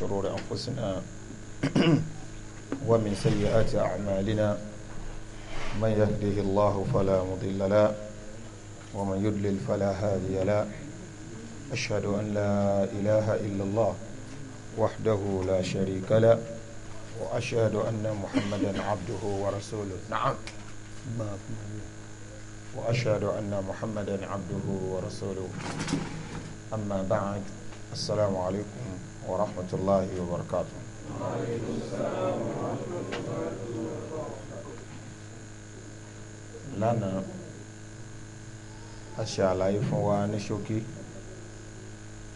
شرور أنفسنا ومن سيئات أعمالنا من يهده الله فلا مضل له ومن يدلل فلا هادي له أشهد أن لا إله إلا الله وحده لا شريك له وأشهد أن محمدا عبده ورسوله نعم وأشهد أن محمدا عبده ورسوله أما بعد السلام عليكم ورحمة الله وبركاته lánàá a ṣe àlàyé fún wa ní ṣókí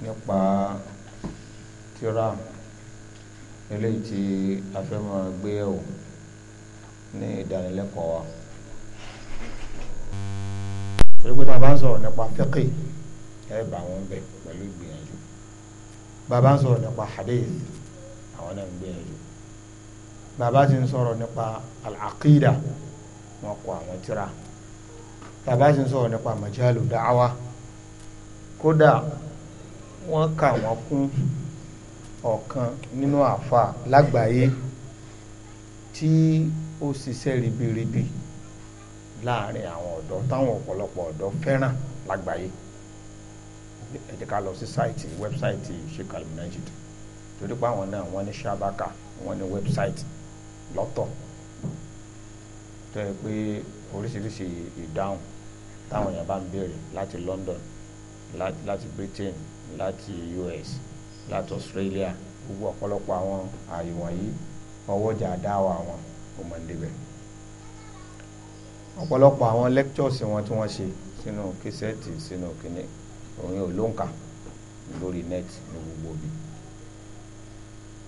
nípa tíra eléyìí tí a fẹ́ máa gbé ẹ̀wò ní ìdánilẹ́kọ̀ọ́ wa torí pé tá a bá ń sọ̀rọ̀ nípa fẹ́kì ẹ̀ bá wọn bẹ̀ pẹ̀lú ìgbìyànjú bàbá ń sọ̀rọ̀ nípa hadith àwọn náà ń gbìyànjú bàbá sì ń sọ̀rọ̀ nípa al-aqida wọn kọ àwọn tírà bàbá sì ń sọ̀rọ̀ nípa majalu da'awa kódà wọ́n kà wọ́n kún ọ̀kan nínú àfa lágbàáyé tí ó ṣiṣẹ́ ribiribi láàrin àwọn ọ̀dọ́ táwọn ọ̀pọ̀lọpọ̀ ọ̀dọ́ fẹ́ràn lágbàáyé ẹ jẹ́ ká lọ sí sáìtì wẹ́bsáìtì Sheikh Al-Munajid torí pé àwọn náà wọ́n ní sábàkà wọ́n ní wẹ́bsáìtì lọ́tọ̀ tó yẹ pé oríṣiríṣi ìdáhùn táwọn èèyàn bá ń béèrè láti London láti Britain láti US láti Australia gbogbo ọ̀pọ̀lọpọ̀ àwọn ààyè wọ̀nyí ọwọ́jà dáwọ̀ àwọn ọmọ ìdíbẹ̀ ọ̀pọ̀lọpọ̀ àwọn lectures wọn tí wọ́n ṣe sínú kẹsẹ́ẹ̀tì sínú kìnìún òun ò lóǹkà lórí net ní gbogbo bi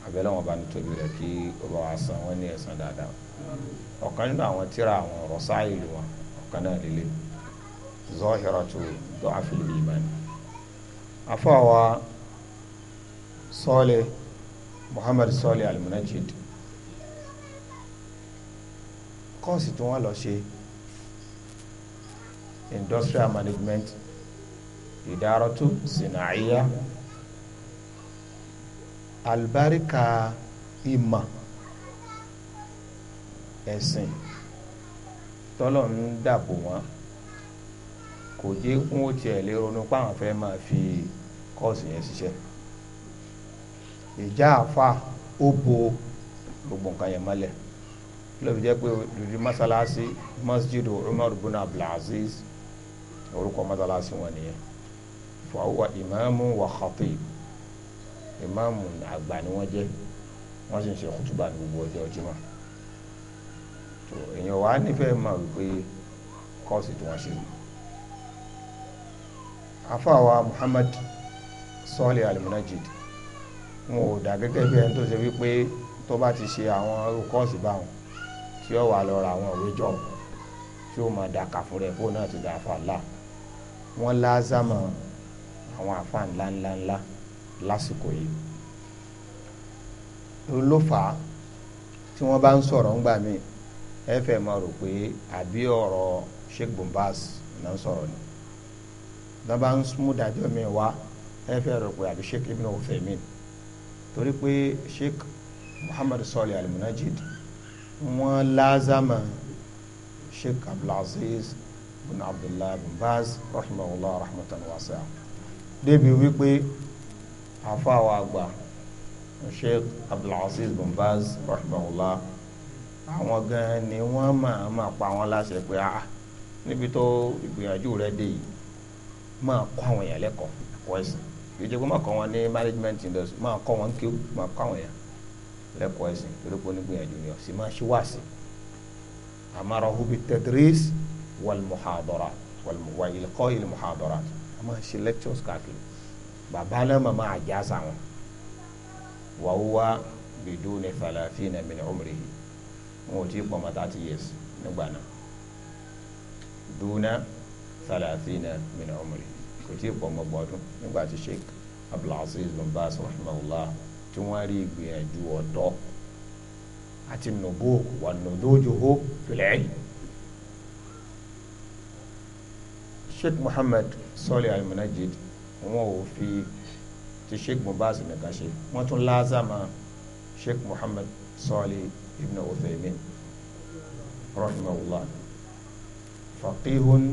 abẹ́lẹ́ wọn bá nítorí rẹ̀ kí ọba wa san wọn ní ẹ̀san dáadáa ọ̀kan nínú àwọn tíra àwọn ọ̀rọ̀ sáìlì wọn ọ̀kan náà lélẹ̀ zọ́hìrọ̀tù dọ́àfìlì ìmánì afọ́wà sọ́ọ̀lẹ̀ Muhammad sọ́ọ̀lẹ̀ alimunajid kọ́ọ̀sì tí wọ́n lọ ṣe industrial management ìdárọtú sinaiya alibarika ìmọ̀ ẹ̀sìn tọ́lọ̀ ń dàbò wọn kò jẹ́ kí wọ́n tiẹ̀ lè ronú páwọn fẹ́ máa fi kọ́ọ̀sì yẹn ṣiṣẹ́ ìjà àfa ó bo gbogbo nǹkan yẹn mọ́lẹ̀ lóbi jẹ́ pé lórí masalasi masjidu umar bin abdulaziz orúkọ masalasi wọn nìyẹn fọwọ́ ìmáàmù wà khatib ìmáàmù àgbà ni wọ́n jẹ́ wọ́n sì ń ṣe kútùbà ní gbogbo ọjọ́ Jímọ̀ tó èèyàn wà á nífẹ̀ẹ́ mọ̀ wípé kọ́ọ̀sì tí wọ́n ṣe afáwa Muhammad sọ́ọ̀lì alimunajid wọn ò dà gẹ́gẹ́ bí ẹni tó ṣe wípé tó bá ti ṣe àwọn kọ́ọ̀sì báwọn tí ó wà lọ ra àwọn ìwé jọ tí ó máa dàkà fún rẹ̀ fóun náà dà fà láà wọ́n lázàmọ̀ àwọn àfa ńlá ńlá ńlá lásìkò yìí ló fà á tí wọ́n bá ń sọ̀rọ̀ ńgbà míì ẹ fẹ́ máa rò pé àbí ọ̀rọ̀ Sheikh Bombas náà sọ̀rọ̀ ni tó bá ń mú dájọ́ mi wá ẹ fẹ́ rò pé àbí Sheikh Ibn Uthaymeen torí pé Sheikh Muhammad Salih al wọ́n láàzámà Sheikh Abdulaziz bin Abdullah bin Baz rahimahullah rahmatan débi wípé àfàwọ̀ àgbà sheikh abdulaziz bombaz rahmanullah àwọn gan ni wọ́n máa máa pa wọ́n láṣẹ pé ah níbi tó ìgbìyànjú rẹ dé yìí máa kọ́ àwọn èèyàn lẹ́kọ̀ọ́ ẹ̀kọ́ ẹ̀sìn ìjẹ́ pé máa kọ́ wọn ní management industry máa kọ́ wọn kí máa kọ́ àwọn èèyàn lẹ́kọ̀ọ́ ẹ̀sìn torí pé onígbìyànjú ni ọ̀sìn máa ṣe wáàsí amarahu bi tadris wal muhadara wal ilqa'i a máa ṣe lectures káàkiri bàbá náà màmá àjàsà wọn wa huwa biduni thalathina min umrihi wọn ò tí ì pọ̀ mọ́ thirty years nígbà náà duna thalathina min umrihi kò tí ì pọ̀ mọ́ gbọ́dún nígbà tí sheikh abdulaziz bin bas rahimahullah tí wọ́n rí ìgbìyànjú ọ̀dọ́ àti nùbó wà nùdójú hó fìlẹ́yìn. sheikh muhammad sọ́ọ̀lì al-munajid wọn ò fi ti sheikh mubaz nìkan ṣe wọ́n tún láàzàmà sheikh muhammad sọ́ọ̀lì ibn uthaymin rahimahullah faqihun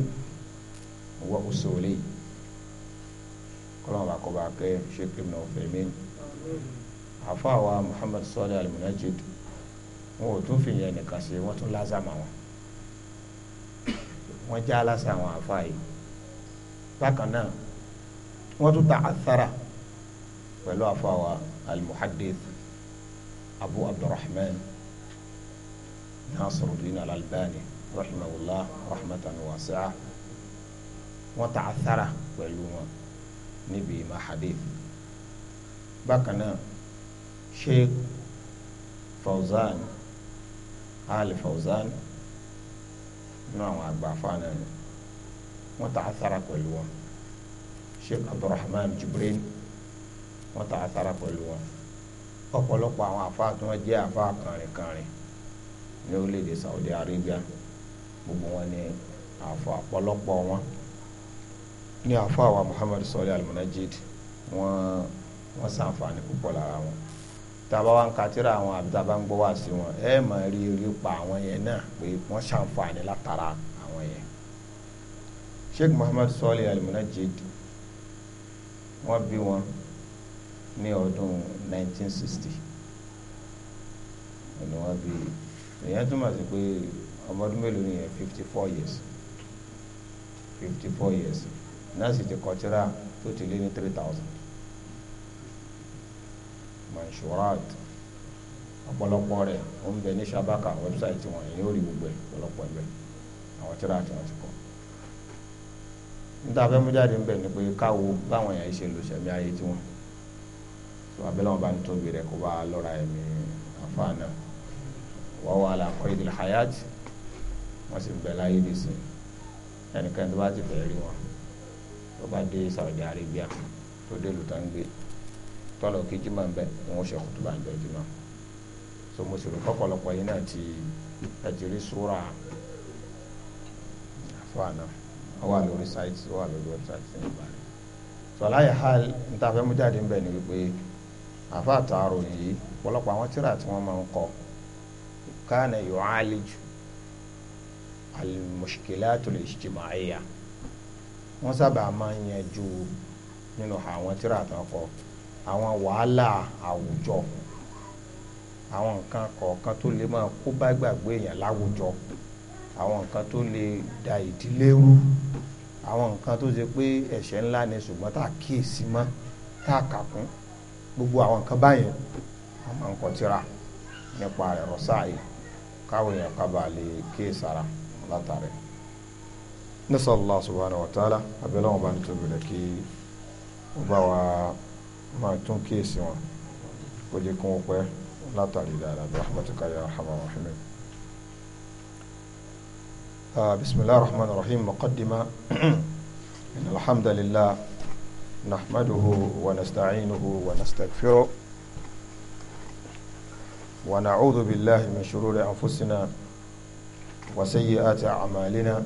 wa usuli kọlọ́n bá kọ́ bá kẹ́ sheikh ibn uthaymin àfàwà muhammad sọ́ọ̀lì al-munajid wọn ò tún fi yẹn nìkan ṣe wọ́n tún láàzàmà wọn wọ́n já lásán àwọn àfáà yìí bákan náà wọ́n tún ta àṣàrà pẹ̀lú àfọwà al-muhaddith abu abdulrahman nasiruddin al-albani rahimahullah rahmatan wasi'a wọ́n ta àṣàrà pẹ̀lú wọn níbi ìmọ̀ hadith bákan náà sheikh fawzan ali fawzan náà àwọn àgbà fáwọn wọ́n ta àsàrà pẹ̀lú wọn sheikh abdulrahman jibrin wọ́n ta àsàrà pẹ̀lú wọn ọ̀pọ̀lọpọ̀ àwọn àfáà tí wọ́n jẹ́ àfáà kànrìnkànrìn ní orílẹ̀ saudi arabia gbogbo wọn ni àfọ àpọ̀lọpọ̀ wọn ní àfọ àwa muhammad sọlẹ almunajid wọ́n wọ́n ṣàǹfààní púpọ̀ lára wọn tàbá wa ń katira àwọn àbí tàbá ń gbọ́ wá sí wọn ẹ máa rí rí pa àwọn yẹn náà pé wọ́n ṣàǹfààní látara sheikh muhammad sọ́ọ̀lì al-munajjid wọ́n bí wọn ní ọdún 1960 ni wọ́n bí èèyàn túmọ̀ sí pé ọmọ ọdún mélòó nìyẹn 54 years 54 years náà sì ti kọtíra tó ti lé ní 3000 mansurat ọ̀pọ̀lọpọ̀ rẹ̀ ó ń bẹ ní sabaka wẹ́bsáìtì wọn èyí ó rí gbogbo ẹ̀ ọ̀pọ̀lọpọ̀ ẹ̀ bẹ́ẹ̀ àwọn tíra àti wọn ti kọ́ níta fẹ́ mú jáde ń bẹ̀ ni pé káwo báwọn èèyàn ṣe lò sẹ̀mí ayé tiwọn tó abẹ́lẹ́ wọn bá ní tóbi rẹ̀ kó bá lọ́ra ẹ̀mí àfáàná wọ́n wà lá kọ́ ìdílé wọ́n sì bẹ̀ láyé nìsín ẹnìkan tó bá ti fẹ́ rí wọn tó bá dé Saudi Arabia tó dé lùtàǹgbé tọ́lọ̀ kí jimá ń bẹ̀ wọ́n ṣe kùtùbà ń jọ jimá so mo sì rò kọ́kọ́lọpọ̀ yìí náà ti ẹ̀jẹ̀ rí súra àfáàná. ó wà lórí site ó wà lórí website ní ìbàdàn so aláyà ha níta fẹ́ mú jáde ń bẹ̀ ni wípé àfa àtàrò yìí ọ̀pọ̀lọpọ̀ àwọn tíra tí wọ́n máa ń kọ kánà yóò álejò al-mushkilatul ijtima'iyya wọ́n sábà máa ń yanjú nínú àwọn tíra àtàkọ àwọn wàhálà àwùjọ àwọn nǹkan kọ̀ọ̀kan tó lè máa kó bá gbàgbé èèyàn láwùjọ àwọn nǹkan tó lè da ìdílé rú àwọn nǹkan tó ṣe pé ẹ̀ṣẹ̀ ńlá ni ṣùgbọ́n tá a kíyèsí mọ́ tá a kà kún gbogbo àwọn nǹkan báyìí a máa ń kọ tírà nípa rẹ̀ rọ́sáàyè káwọn èèyàn kábàá lè kíyèsára látàrí. نسأل الله سبحانه وتعالى أبلغ بان تبلكي وبوا ما تنكي سوا وجيكم وقوة لا تعلي دارا برحمتك يا أرحم الراحمين بسم الله الرحمن الرحيم مقدمة إن الحمد لله نحمده ونستعينه ونستغفره ونعوذ بالله من شرور أنفسنا وسيئات أعمالنا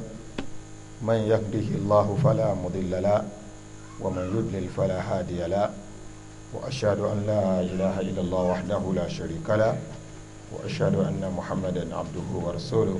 من يهده الله فلا مضل له ومن يضلل فلا هادي له وأشهد أن لا إله إلا الله وحده لا شريك له وأشهد أن محمدا عبده ورسوله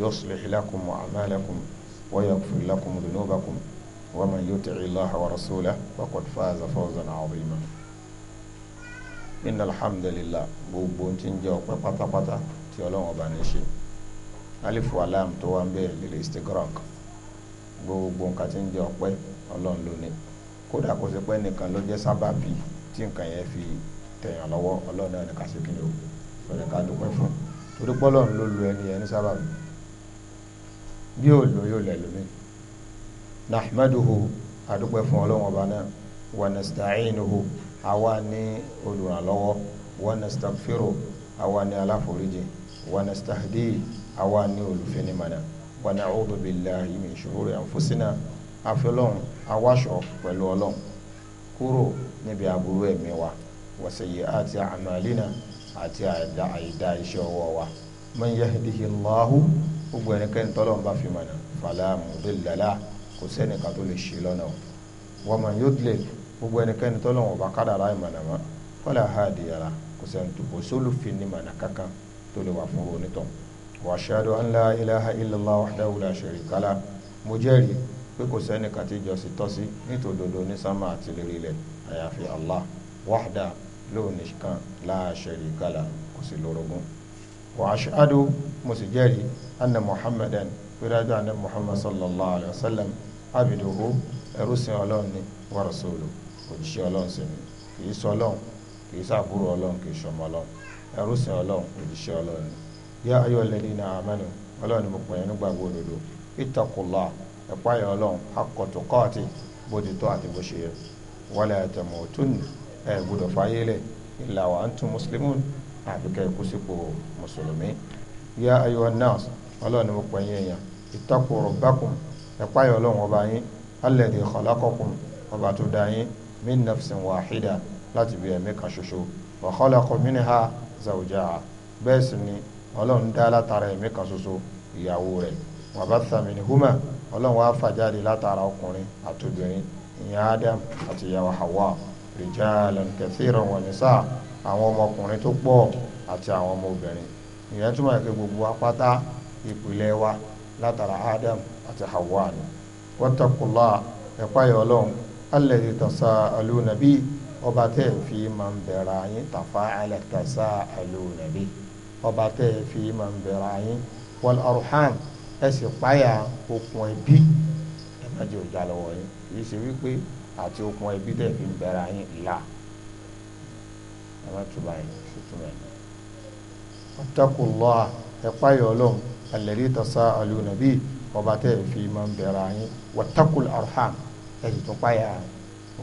يصلح لكم أعمالكم ويغفر لكم ذنوبكم ومن يطع الله ورسوله فقد فاز فوزا عظيما إن الحمد لله gbogbo ń ti ń jẹ ọpẹ́ pátápátá tí Ọlọ́run ọba ní ṣe alifu alam tó wá ń bẹ lílé istigrak gbogbo nǹkan ti ń jẹ ọpẹ́ Ọlọ́run ló ní kódà kó ṣe pé nìkan ló jẹ sábàbí tí nǹkan yẹn fi tẹ̀yàn lọ́wọ́ Ọlọ́run náà ní ká ṣe kí ni o lọ́dẹ̀ ká dúpẹ́ fún torí pé Ọlọ́run ló lu ẹni yẹn ní sábàbí bí yóò lò yóò lẹ̀ lómi nahmaduhu adúpẹ́ fún ọlọ́run ọba náà wa nasta'inuhu àwa ní olùrànlọ́wọ́ wa nastaghfiru àwa ní aláforíjì wa nastahdi àwa ní olùfinimọ̀nà wa na'udhu billahi min shururi anfusina àfẹ́lọ́run awáṣọ pẹ̀lú ọlọ́run kúrò níbi aburú ẹ̀mí wa wa sayyi'ati a'malina àti àìdá iṣẹ́ ọwọ́ wa man yahdihi gbogbo ẹnikẹ́ni tọ́lọ́run bá fi mọ̀nà fàlà mudilla lah kò sẹ́nìkan tó lè ṣe lọ́nà o wa man yudlil gbogbo ẹnikẹ́ni tọ́lọ́run ọba kádàrá ìmọ̀nà mọ́ fala hadiya lah kò sẹ́ni tó kò sólùfin ní mọ̀nà kankan tó lè wà fún onítọ̀ wa ashhadu an la ilaha illallah wahdahu la sharika lah mo jẹ́rìí pé kò sẹ́nìkan tí ìjọsìn tọ́ nítòdodo ní àti lérí Allah wahda lóun nìkan la sharika lah kò sí lórogún anna muhammadan gbẹdájọ anna muhammad sallallahu alayhi wa sallam abiduhu ẹrú sin ọlọ́run ni wa rasuluhu òjíṣẹ́ ọlọ́run sí ni kìí sọ ọlọ́run kìí sàbúrò ọlọ́run kìí sọmọ ọlọ́run ẹrú sin ọlọ́run òjíṣẹ́ ọlọ́run ni yá ayọ̀ alladhina amanu ọlọ́run ni mo pè é nígbàgbọ́ òdodo ittaqullah ẹ̀pá yẹn ọlọ́run haqqa tuqati bóde tó àti bó ṣe yẹ wala tamutunna ẹ̀ gbọdọ̀ fàyè lẹ̀ illa wa antum muslimun àbíkẹ́ kó sípò mùsùlùmí yá ayọ̀ an-nas ọlọ́run ni mo pè yín èèyàn ittaqu rabbakum ẹ̀pá yìí ọlọ́run ọba yín alladhi khalaqakum ọba tó dá yín min nafsin wahida láti bí ẹ̀mí kan ṣoṣo wa khalaqa minha zawjaha bẹ́ẹ̀ sì ni ọlọ́run dá látara ẹ̀mí kan ṣoṣo ìyàwó rẹ̀ wa batha minhuma ọlọ́run wá fà látara ọkùnrin àtòbìnrin ìyẹn adam àti ìyàwó hawa rijalan kathiran wa ìyẹn túmọ̀ pé gbogbo apáta ìpìlẹ̀ wa látara Adam àti Hawa ni wattaqullah ẹ̀pá yọ ọlọ́run alladhi tasaaluna bi ọba tẹ́ ẹ̀ fi máa ń bẹ̀rẹ̀ àyín tafa'ala tasaaluna bi ọba tẹ́ ẹ̀ fi máa ń bẹ̀rẹ̀ àyín wal arham ẹ̀ sì páyà okùn ẹbí ẹ̀ má jẹ́ òjà lọ́wọ́ yín kì í ṣe wípé àti okùn ẹbí tẹ̀ fi ń bẹ̀rẹ̀ àyín là ẹ̀ má tù báyìí ṣùtùmẹ̀ wattaqullah ẹ̀pá yọ alladhi tasa'aluna bi ọba tẹ́ ẹ fi máa ń bẹ̀rẹ̀ àyín wattaqul arham ẹ sì tún páyà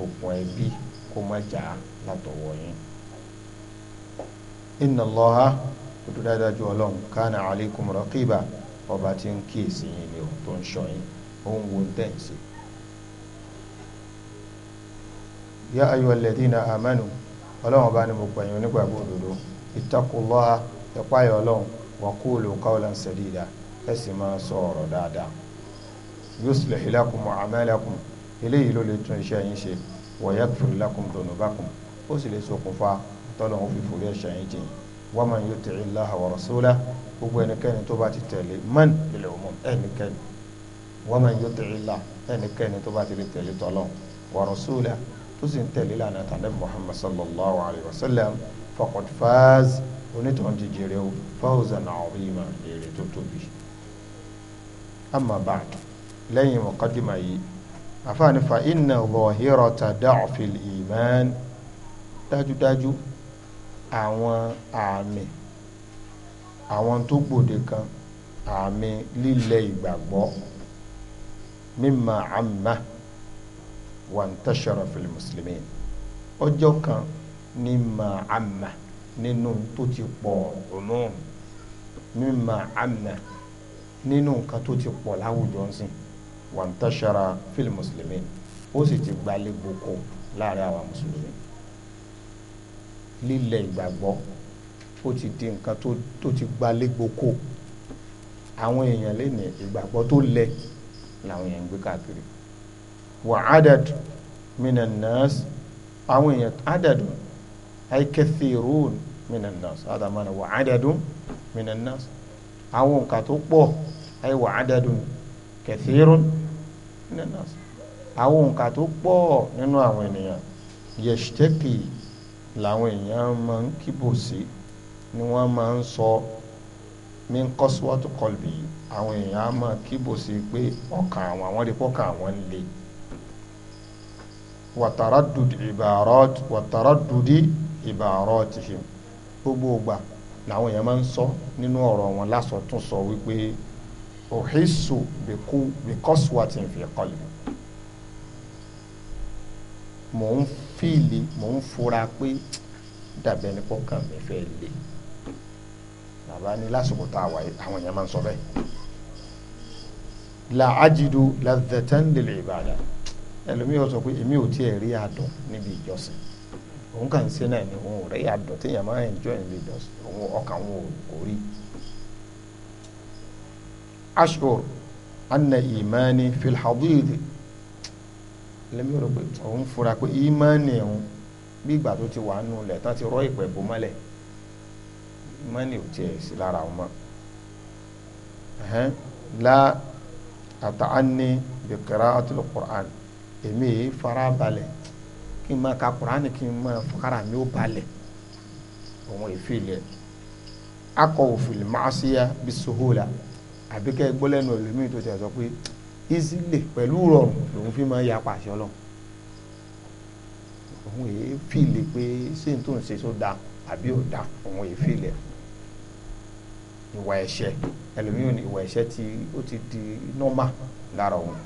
òkun ẹbí kó má jà látọwọ́ yín. inna Allaha kótó dáadáa ju ọlọ́run kana alaykum raqiba ọba tí ń kíyèsí yín ni o tó ń sọ ó ń wo tẹ̀ ya ayyuhal ladhina amanu ọlọ́run ọba ni mo pẹ̀yìn onígbàgbọ́ òdodo ittaqullaha ẹ̀páyà ọlọ́run وقولوا قولا سديدا اسما سورة دادا يصلح لكم أعمالكم إليه لولتون شيء ويغفر لكم ذنوبكم أسلي سوقفا تلوه في فوليا شيء ومن يطع الله ورسوله gbogbo ẹnikẹ́ni tó bá ti tẹ̀lé man lílẹ̀ òmùn ẹnikẹ́ni wa man yuti'i Allah ẹnikẹ́ni tó bá ti lè tẹ̀lé tọ́lọ́n wa rasulahu tó sì ń tẹ̀lé lànà tàbí Muhammad sallallahu alayhi wa sallam faqad faz onítàn ti jèrè o fawzan azima èrè tó tóbi amma ba'd lẹ́yìn muqaddima yìí àfààní fa inna zahirata da'fil iman dájúdájú àwọn àmì àwọn tó gbòde kan àmì lílẹ̀ ìgbàgbọ́ mímọ àmà wà ń tẹ̀sọ̀rọ̀ fìlì mùsùlùmí ọjọ́ kan ní mọ àmà nínú tó ti pọ̀ ọ̀nà mímà àmà nínú nǹkan tó ti pọ̀ láwùjọ ńsìn wàntàṣara fílì mùsùlùmí ó sì ti gbalẹ̀ gboko láàrin àwa mùsùlùmí lílẹ̀ ìgbàgbọ́ ó ti di nǹkan tó ti gbalẹ̀ gboko àwọn èèyàn lè ní ìgbàgbọ́ tó lẹ̀ làwọn èèyàn ń gbé káàkiri wà ádàdù mìnà nọ́ọ̀sì àwọn èèyàn ádàdù ay kathirun minan nas hada mana wa adadun minan nas àwọn nǹkan tó pọ̀ ay wa adadun kathirun minan nas àwọn nǹkan tó pọ̀ nínú àwọn ènìyàn yashtaki làwọn èèyàn máa ń kíbò sí ni wọ́n máa ń sọ min qaswatu qalbi àwọn èèyàn máa kíbò sí pé ọkàn àwọn àwọn rẹ̀ pọ̀kàn àwọn ń le wàtàràdùdì ibarat wàtàràdùdì ibaratihim gbogbo ògbà làwọn èèyàn máa ń sọ nínú ọ̀rọ̀ wọn lásọ tún sọ wípé òhìsù bìkú bìkọ́sùwàtìn fi qalbi mò ń fìlì mò ń fura pé dàbẹ̀ ní pọ́kàn mi fẹ́ lè bàbá ní lásìkò tá a wà àwọn èèyàn máa ń sọ bẹ́ẹ̀ la ajidu la lil ibada ẹlòmíràn sọ pé èmi ò tiẹ̀ rí adùn níbi ìjọsìn òun kàn ń ṣe náà ni òun ò rẹ́yà dùn tí yàrá máa ń enjoy in Lagos òun ọkàn òun kò rí. ashur anna imani fil lẹ́mi rò pé òun fura pé imani òun bí ìgbà tó ti wà nù lẹ̀ tán ti rọ́ ìpẹ́ bò mọ́lẹ̀ imani ò tiẹ̀ sí lára òun mọ́ la àtàánì bi qira'atul Qur'an èmi fara kí n máa ka kuraani kí n máa fakara mi ó balẹ̀ òun ìfilẹ̀ akọ òfin màásíyá bí sohola àbí kẹ́ gbọ́lẹ́nu ẹlòmíì tó tẹ̀ sọ pé ìsílẹ̀ pẹ̀lú rọrùn lòun fi máa ya pàṣẹ ọlọ́run òun èé fìlẹ̀ pé ṣé n tó ń ṣe tó da àbí ò da òun èé fìlẹ̀ ìwà ẹ̀ṣẹ̀ ẹlòmíì ní ìwà ẹ̀ṣẹ̀ tí ó ti di nọ́mà lára òun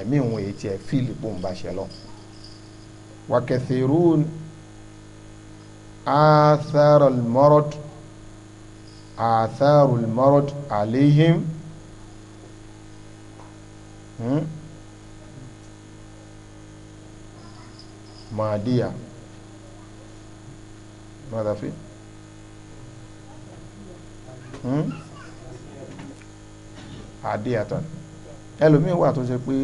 ẹ̀mí òun èé tiẹ̀ fìlẹ̀ pòun bá ṣe lọ́wọ́. وكثيرون آثار المرض آثار المرض عليهم مادية ماذا في àdéhàtà ẹlòmíín wà tó ṣe pé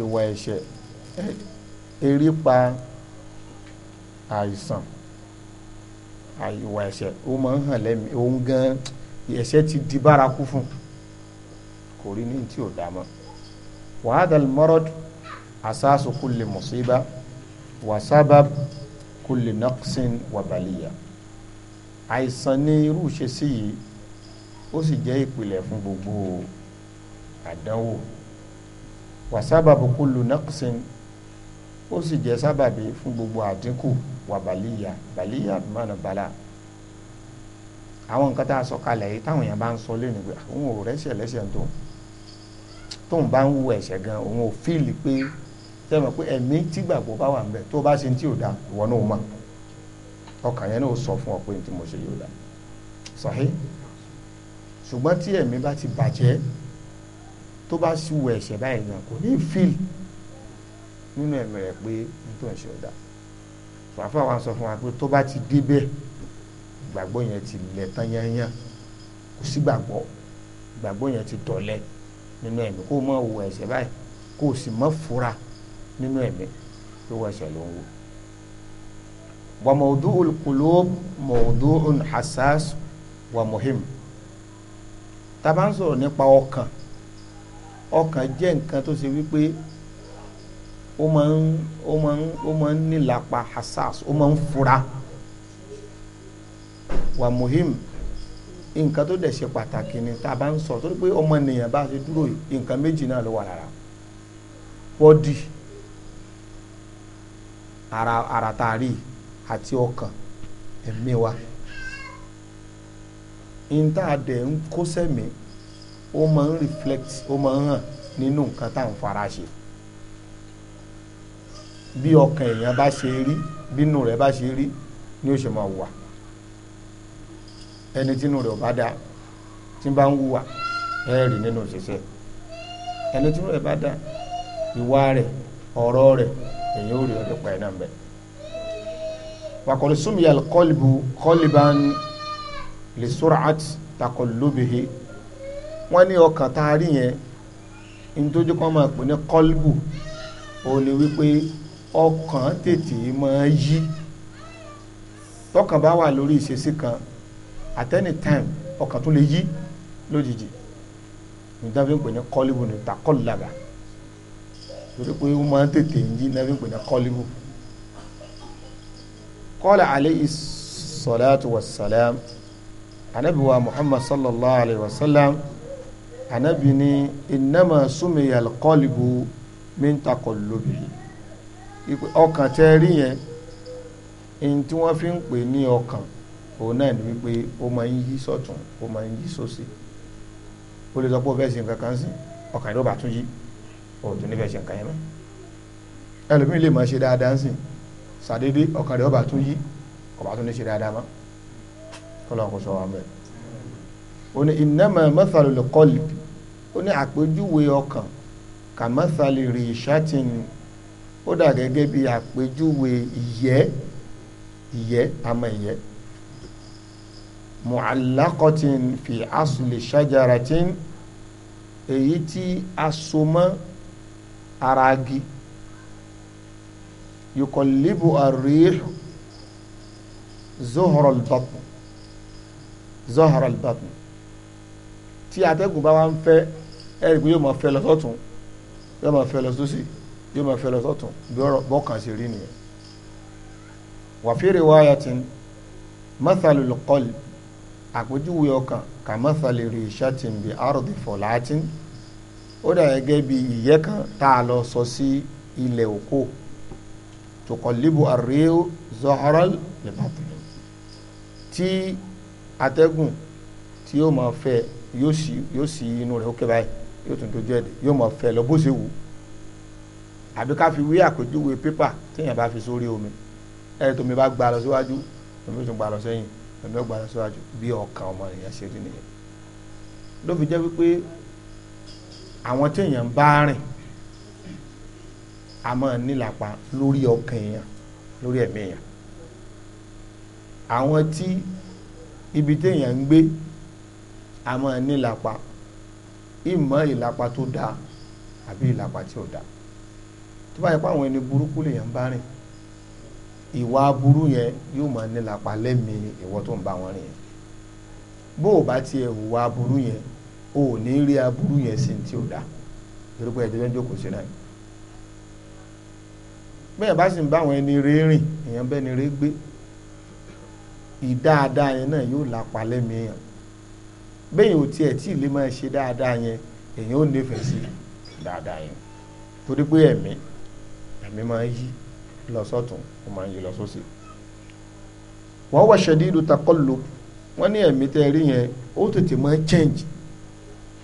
ìwà ẹ̀ṣẹ̀ erípa àìsàn àìwà ẹ̀ṣẹ̀ ó máa ń hàn lẹ́mí òun gan ẹ̀ṣẹ̀ ti di bárakú fún kò rí ní tí ò dá mọ́ wàhádàl mọ́rọ́d asásù kulli musiba wà sábàb kulli naqsin wà baliya àìsàn ní irú ìṣesí yìí ó sì jẹ́ ìpìlẹ̀ fún gbogbo àdánwò wà sábàbù kullu naqsin ó sì jẹ́ sábàbí fún gbogbo àdínkù wà bàlíyà bàlíyà mọ̀nà bàlá àwọn nǹkan tá a sọ kalẹ̀ yìí táwọn èèyàn bá ń sọ lẹ́nu pé ah, òun ò rẹ́sẹ̀ lẹ́sẹ̀ tó tóun bá ń wu ẹ̀ṣẹ̀ gan òun ò fíìlì pé sẹ́wọ̀n pé ẹ̀mí tígbàgbọ́ bá wà ń bẹ̀ tó bá ṣe tí ò da ìwọ náà mọ̀ ọkàn yẹn náà sọ fún ọ pé tí mo ṣe yóò da sọ̀hí ṣùgbọ́n tí ẹ̀mí bá ti bàjẹ́ tó bá sì wọ ẹ̀ṣẹ̀ báyìí náà kò ní fíl nínú ẹ̀mí rẹ̀ pé nítorí ẹ̀ṣẹ̀ ọ̀dà fàáfà wa sọ fún wa pé tó bá ti débẹ̀ ìgbàgbọ́ yẹn ti lẹ̀ tán yányán kò sí gbàgbọ́ ìgbàgbọ́ yẹn ti dọ̀lẹ́ nínú ẹ̀mí kó má wọ ẹ̀ṣẹ̀ báyìí kó sì má fura nínú ẹ̀mí tó wọ ẹ̀ṣẹ̀ ló ń wò. wa mawdu'ul qulub mawdu'un hassas wa muhim tá a bá ń sọ̀rọ̀ nípa ọkàn ọkàn jẹ́ nǹkan tó ṣe wípé ó máa ń ó máa ń ó máa ń nílapa hasas ó máa ń fura wà muhim nǹkan tó dẹ̀ ṣe pàtàkì ni tá a bá ń sọ torí pé ọmọ ènìyàn bá ṣe dúró nǹkan méjì náà ló wà lára bọ́dì ara ara tá àti ọkàn ẹ̀mí wa n tá dẹ̀ ń kó sẹ́mi ó máa ń reflect ó máa ń hàn nínú nǹkan tá à ń fara ṣe bí ọkàn èèyàn bá ṣe rí bínú rẹ̀ bá ṣe rí ni ó ṣe máa wà ẹni tínú rẹ̀ ò bá dáa tí bá ń wùwà ẹ rí nínú òṣìṣẹ́ ẹni tínú rẹ̀ bá dáa ìwà rẹ̀ ọ̀rọ̀ rẹ̀ èèyàn ò rí ọdún pa ẹ̀ náà bẹ́ẹ̀ wàkọ̀lùsùmíyà kọ́lìbù kọ́lìbà lè sọ́ra àti takọ̀lùbìhì wọ́n ní ọkàn tá a rí yẹn ní tójú kan máa pè ní kọ́lbù òun ni wípé ọkàn tètè máa yí tọkàn bá wà lórí ìṣesí kan at any time ọkàn tún lè yí lójijì ní dábí ń pè ní ní torí pé ó máa ń ń pè ní kọ́lá muhammad sallallahu alayhi wa sallam. anabi ni inama súnmìyàl kọ́lìbù míntakọ̀ lóbi ọkàn tẹ́ rí yẹn ẹni tí fi ń pè ní ọkàn òun náà ni wípé ó máa ń yí sọ́tún ó máa ń yí sósì ó lè sọ pé ó fẹ́ ṣe nǹkan kan sí ọkàn yìí ló bá tún yí òun tó nífẹ̀ẹ́ ṣe nǹkan yẹn mọ́ ẹlòmíì lè máa ṣe dáadáa sí sàdédé ọkàn rẹ̀ ó bá tún yí ó tún ní ṣe dáadáa mọ́ kọ́lọ́n kò sọ wa mẹ́rin ó ní innama mathalul qalbi ó ní àpèjúwe ọkàn kàmáṣálì rishatin ó dà gẹ́gẹ́ bí àpèjúwe ìyẹ́ ìyẹ́ àmọ́ ìyẹ́ mu'allaqatin fi asli shajaratin èyí tí a so mọ́ zuhra al zuhra al tí atẹ́gùn bá wá ń fẹ́ ẹ̀rí pé yóò máa fẹ́ lọ sọ́tún yóò máa fẹ́ lọ sósì yóò máa fẹ́ lọ sọ́tún bí ọ̀rọ̀ bọ́kàn ṣe rí nìyẹn. wa fi riwayatin mathalul qalbi àpèjúwe ọkàn ka mathali rishatin bi ardi folatin ó dà gẹ́gẹ́ bí ìyẹ́ kan tá a lọ sọ sí ilẹ̀ òkú tukọ̀líbu àríw zọ́hárọ́l lẹ́bàtìlẹ̀ tí atẹ́gùn tí ó máa fẹ́ yóò sì yóò sì inú rẹ̀ ó kẹ́ báyìí yóò tún dojú ẹ̀dẹ̀ yóò mọ̀ fẹ́ lọ bó ṣe wù àbí ká fi wí àpèjúwe pépà téèyàn bá fi sórí omi ẹ̀rẹ́ tómi bá gba lọ síwájú omi tún gba lọ sẹ́yìn omi ó gba lọ síwájú bí ọkàn ọmọ ènìyàn ṣe rí nìyẹn ló fi jẹ́ wípé àwọn téèyàn bá rìn a máa nílapa lórí ọkàn èèyàn lórí ẹ̀mí èèyàn àwọn tí ibi téèyàn ń gbé a máa ní ìlàpá ìmọ̀ ìlàpá tó dáa àbí ìlàpá tí ò dáa tó bá yẹ pé àwọn ẹni burúkú lèèyàn bá rìn ìwà aburú yẹn yóò máa ní ìlàpá lẹ́mìí ìwọ tó ń bá wọn rìn yẹn bó o bá tiẹ̀ hùwà aburú yẹn o ò ní rí aburú yẹn sí tí ò dáa torí pé ẹ̀jẹ̀ jẹ́ kò sí náà bẹ́ẹ̀ bá sì ń bá àwọn ẹni rí rìn èèyàn bẹ́ẹ̀ ni rí gbé ìdáadáa yẹn náà yóò lápa lẹ́mìí yẹn bẹ́yìn ò tiẹ̀ tí ìlé máa ṣe dáadáa yẹn èyàn ò nífẹ̀ẹ́ sí dáadáa yẹn torí pé ẹ̀mí ẹ̀mí máa ń yí lọ sọ́tún ó máa ń yí lọ sósì. wọ́n wá ṣẹ̀dídù takọ́lù wọ́n ní ẹ̀mí tẹ́ rí yẹn ó tètè máa ń change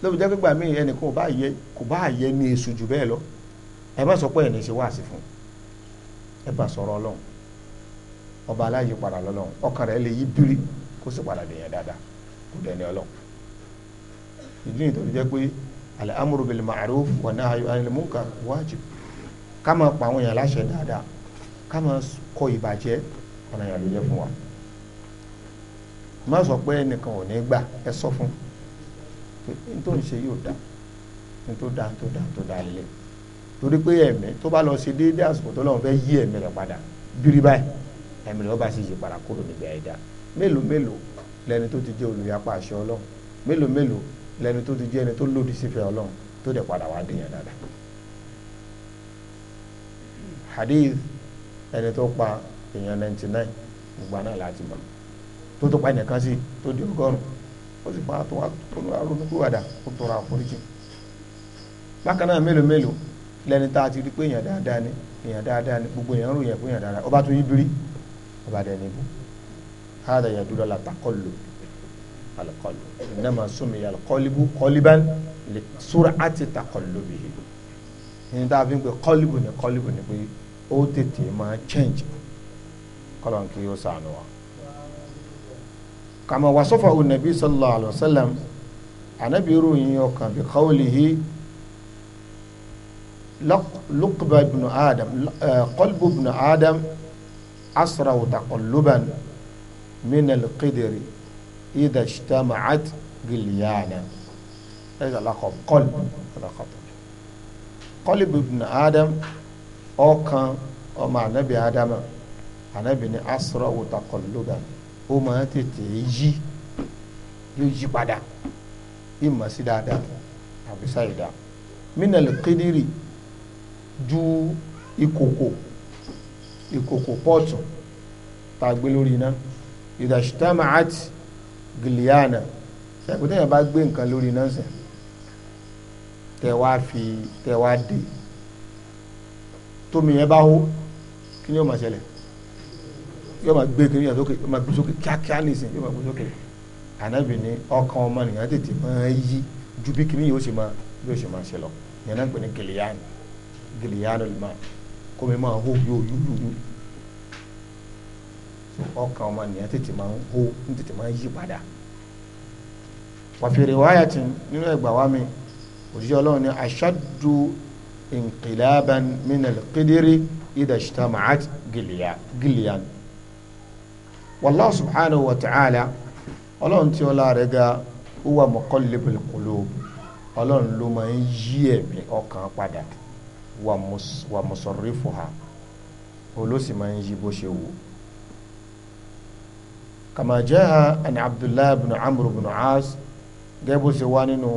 lóbi jẹ́ pípa mí ẹnìkan kò bá yẹ kò bá yẹ ní èṣù jù bẹ́ẹ̀ lọ ẹ má sọ pé ẹ̀ní ṣe wáàsí fún ẹ bá sọ̀rọ̀ ọlọ́run ọba aláyè padà lọ́lọ́run ọkàn rẹ̀ lè yí bírí kó sì padà dèèyàn dáadáa kò dẹ́ni ọlọ́run ìdí nìyí tó fi jẹ́ pé al-amru bil ma'ruf wa nahyu anil munkar wajib kama pa àwọn èèyàn láṣẹ dáadáa ká máa kọ ona wa Ma sọ pé ẹnìkan ò ní gbà n tó ń ṣe yóò da n tó dá n tó dá n tó dá lé torí pé ẹ̀mí to bá lọ ṣe déédéé àsìkò tó lọ́wọ́ fẹ́ yí ẹ̀mí rẹ̀ padà bírí lẹ́ni tó ti jẹ́ ẹni tó lòdì sífẹ̀ẹ́ ọlọ́run tó dẹ̀ padà wá dèèyàn dáadáa hadith ẹni tó pa èèyàn ninety nine gbogbo náà láti mọ̀ tó tó pa ẹnìkan sí tó di ọgọ́rùn ó sì pa tó wá tó lọ àrùn gbúwàdà ó tọrọ àforíjì bákan náà mélòó mélòó lẹ́ni tá a ti rí pé èèyàn dáadáa ni èèyàn dáadáa ni gbogbo èèyàn ròyìn pé èèyàn dáadáa ọba tó yí biri ọba dẹni bú hádà yàdúrà làtàkọ́ lòdì alikọlu nama sumi alikọlibu kọliban le sura ati ta kọlibi yìí níta fi ń pè kọlibu ni kọlibu ni pé ó tètè máa change kọlọn kì í ó sànù wa. kàmá wasọ́fà onabi sallallahu alayhi wa sallam anabi ròyìn ọkàn bí kawlihi luqba ibn adam qalbu ibn adam asra wa taqalluban min al idha ijtama'at gìlìyàna ẹ̀rọ alákọ̀ọ́ qalb alákọ̀ọ́ qalb ibn adam ọkàn ọmọ anabi adama anabi ni asra wa taqalluban ó máa tètè yí yóò yí padà ìmọ̀ sí dáadáa àbí sáyidá minal qidiri ju ìkòkò ìkòkò pọ́ọ̀tù tá a gbé lórí iná giliana sẹ́kù tẹ́yìn bá gbé nǹkan lórí iná sẹ́ tẹ́ wá fi tẹ́ wá dé tómi yẹn bá hó kí ni yóò máa ṣẹlẹ̀ yóò máa gbé kiri yóò máa gbé sókè kíákíá nìsín yóò máa gbé sókè ànábì ní ọkàn ọmọ nìyẹn tètè máa yí ju bí kiri yóò ṣe máa yóò ṣe máa ṣe lọ yẹn náà pè ní giliana giliana lè máa kó máa hó yóò yú ọkàn ọmọnìyàn tètè máa ń hó ń tètè máa ń yí padà wàfẹ̀rẹ̀ wáyà tí nínú ẹgbà wa mi òṣìṣẹ́ ọlọ́run ní aṣáájú inqilaban minal qidiri idashtamaat giliyan wallahu subhanahu wa ta'ala ọlọ́run tí ọlá rẹ̀ ga huwa muqallibul qulub ọlọ́run ló máa ń yí ẹ̀mí ọkàn padà wà musarrifuha olóṣì máa ń yí bó ṣe wù ú kama jaa an abdullahi bin amr bin as gẹ́gẹ́ bó ṣe wá nínú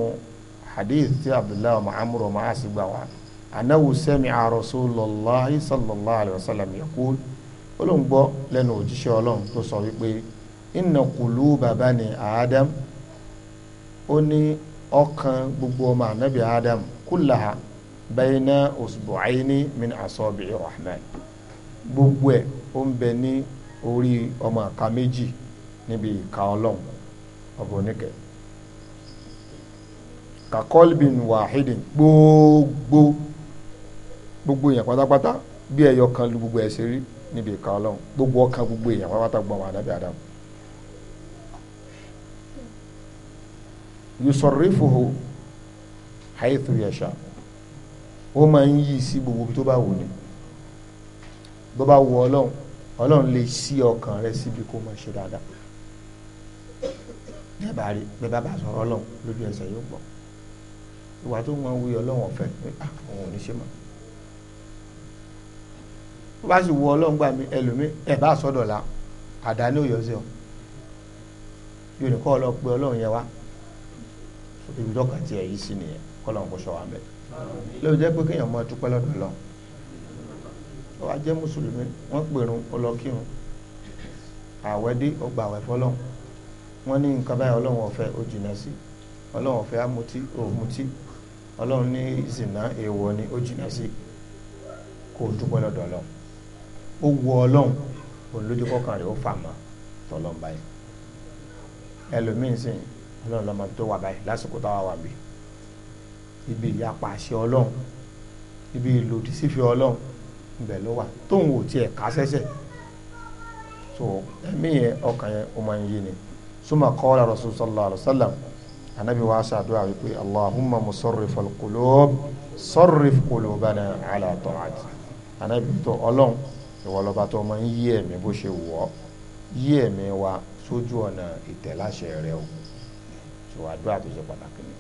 hadith tí abdullahi bin amr bin as gbà wá anáwó sẹ́mi arosolallahi sallallahu alayhi wa sallam yakul olóńgbọ́ lẹ́nu òjíṣẹ́ ọlọ́run tó sọ wípé inna quluba bani adam ó ní ọkàn gbogbo ọmọ anabi adam kullaha bayna usbu'ayni min asabi'i rahman gbogbo ẹ̀ ó ń bẹ ní orí ọmọ àka méjì níbi ìka ọlọ́run ọba oníkẹ́ kakọ́lbin wahidin gbogbo gbogbo èèyàn pátápátá bí ẹyọ kan lu gbogbo ẹsẹ̀ rí níbi ìka ọlọ́run gbogbo ọkàn gbogbo èèyàn pátápátá gbọ́n wà lábẹ́ àdámù. yusọ̀rífòhò haythu yasha ó máa ń yí sí gbogbo tó bá wù ní bó bá wù ọlọ́run ọlọ́run lè sí ọkàn rẹ síbi kó máa ṣe dáadáa bẹ́ẹ̀ bá rí bẹ́ẹ̀ bá bá sọ̀rọ̀ ọlọ́run lójú ẹsẹ̀ yóò gbọ́ ìwà tó wọn wí ọlọ́run ọ̀fẹ́ àwọn ah, ò ní ṣe mọ́ bó bá sì wọ ọlọ́run gbà mí ẹlòmí ẹ̀ bá sọ̀dọ̀ la àdáni ò yọ sí ọ yóò ní kọ́ ọ lọ pé ọlọ́run yẹn wá ibùdó kan tiẹ̀ yìí sí nìyẹn kọ́lọ́run kò sọ wa mẹ́ lóò jẹ́ pé kéèyàn mọ dúpẹ́ lọ́dọ̀ lọ ọ wá jẹ́ mùsùlùmí wọ́n pèrún ọlọ́kírun àwẹ̀dí ọgbà àwẹ̀ wọ́n ní nǹkan báyìí ọlọ́run ọ̀fẹ́ ó jìnà sí ọlọ́run ọ̀fẹ́ amutí ó mutí ọlọ́run ní ìsìnà èèwọ̀ ni ó jìnà sí kó dúpẹ́ lọ́dọ̀ ọlọ́run ó wu ọlọ́run òun lójú kọkàn rẹ̀ ó fà mọ́ tọ́lọ́n báyìí ẹlòmíín sìn ọlọ́run lọ́mọ tó wà báyìí lásìkò táwa wà bí ibi ìyapa àṣẹ ọlọ́run ibi ìlòdì sífẹ́ ọlọ́run ibẹ̀ ló wà tóun ò tiẹ̀ kásẹ́sẹ̀ so ẹ̀mí yẹn ọkàn yẹn ó máa ń yí ni suma qala rasul sallallahu alaihi wasallam anabi wa ṣàdúrà wípé allahumma musarrif alqulub sarrif qulubana ala ta'ati anabi tó ọlọ́run ìwọ lọ́ba tó máa ń yí ẹ̀mí bó ṣe wọ̀ ọ́ yí ẹ̀mí wa sójú ọ̀nà ìtẹ̀láṣẹ rẹ o ṣò àdúrà tó ṣe pàtàkì ni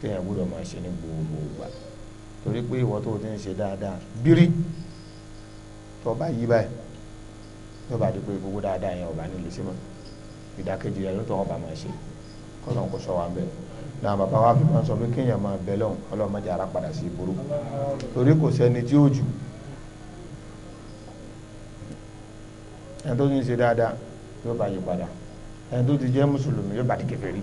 téèyàn gbúdọ̀ máa ṣe ní gbogbo ìgbà torí pé ìwọ tó ti ń ṣe dáadáa bírí tó bá yí báyìí tó bá di pé gbogbo dáadáa yẹn ọba nílé sí mọ́ ìdàkejì rẹ̀ ló tọ́ ọba máa ṣe kọ́lọ́n kò sọ wa ń bẹ̀ náà bàbá wa fi máa sọ pé kéèyàn máa bẹ lọ́hùn ọlọ́run má jẹ́ ara padà sí burúkú torí kò sẹ́ni tí ó jù ẹni tó ti ń ṣe dáadáa yóò bá yí padà ẹni tó ti jẹ́ mùsùlùmí yóò bá ti kèfèrí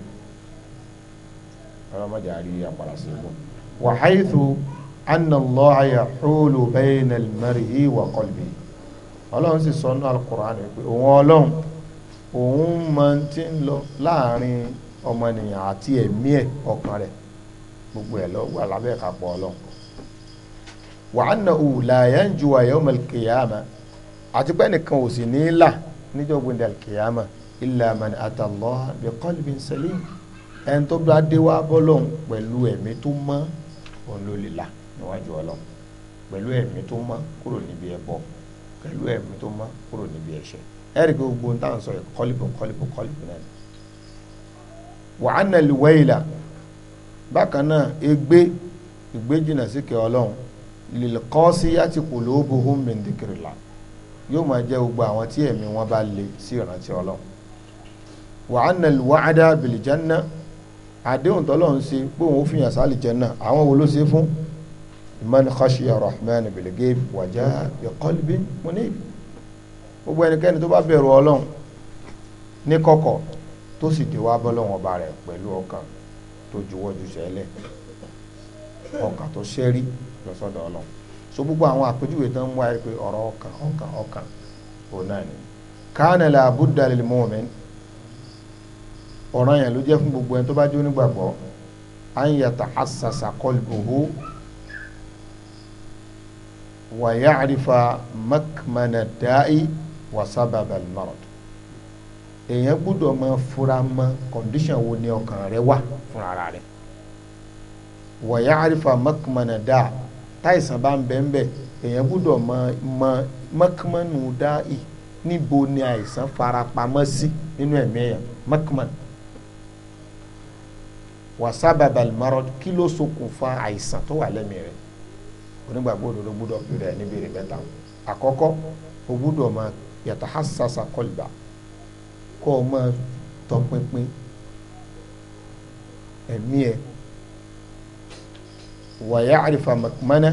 ọlọ́run má jẹ́ àrí àpàrà sí burúkú wa haythu anna Allaha yahulu bayna al-mar'i wa qalbi ọlọ́run sì sọ nínú al-Qur'an pé òun ọlọ́run òun mọ tí ń lọ láàrin ọmọnìyàn àti ẹ̀mí ẹ̀ ọkàn rẹ̀ gbogbo ẹ̀ lọ wà lábẹ́ ìkápọ̀ ọlọ́run wa annahu la yanjuwa yawm al-qiyamah àti pé nìkan ò sì ní í là níjọ́ gbẹ̀ndẹ̀ al-qiyama illa man ata Allah bi qalbin salim ẹni tó bá dé wá bọ́lọ́hun pẹ̀lú ẹ̀mí tó mọ́ òun ló lè là níwájú ọlọ́run pẹ̀lú ẹ̀mí tó mọ́ kúrò níbi ẹbọ pẹ̀lú ẹ̀mí tó mọ́ kúrò níbi ẹ̀ṣẹ̀ ẹ̀rí gbogbo ń tàn sọ̀rọ̀ kọ́lípù kọ́lípù kọ́lípù náà wà á nà lè wẹ́yìlà bákan náà egbé ìgbé jìnnà sí kẹ ọlọ́run lil qasiyati qulubuhum min dhikrillah yóò máa jẹ́ gbogbo àwọn tí ẹ̀mí wọn bá le sí ìrántí ọlọ́run wà á nà lè wa'ada bil àdéhùn tọ́lọ́run ṣe pé òun ó fi yàn sálì janna àwọn wo ló ṣe fún man khashiya rahman bil ghayb wa jaa bi gbogbo ẹnikẹ́ni tó bá bẹ̀rù ọlọ́run ní kọ̀kọ̀ tó sì dé wá bọ́lọ́run ọba rẹ̀ pẹ̀lú ọkàn tó juwọ́jú sẹ́lẹ̀ ọkàn tó ṣẹ́rí lọ́sọ̀dọ̀ ọlọ́run so gbogbo àwọn àpèjúwe tó ń wá pé ọ̀rọ̀ ọkàn ọkàn ọkàn ò náà ni kana la budda lil yẹn ló jẹ́ fún gbogbo ẹni tó bá jẹ́ onígbàgbọ́ an yatahassasa qalbuhu wa ya'rifa makmana da'i wà sábàbà marad èèyàn gbúdọ̀ mọ fura mọ kọ̀ǹdíṣàn wo ni ọkàn rẹ wà fúnra ara rẹ wọ̀nyá àrífà mọ́kànmọ́nà dá táìsàn bá ń bẹ́ ń bẹ́ èèyàn gbúdọ̀ mọ mọ mọ́kànmọ́nù dá ì níbo ni àìsàn farapamọ́ sí nínú ẹ̀mí èèyàn mọ́kànmọ́nù wà sábàbà marad kí ló ṣokùnfà àìsàn tó wà lẹ́mìí rẹ̀ onígbàgbọ́ òdodo gbúdọ̀ bẹ̀rẹ̀ níbi rẹ̀ àkọ́kọ́ o gbúdọ̀ máa yatahassasa qalba kó o máa tọpinpin ẹ̀mí ẹ̀ wa ya'rifa makmana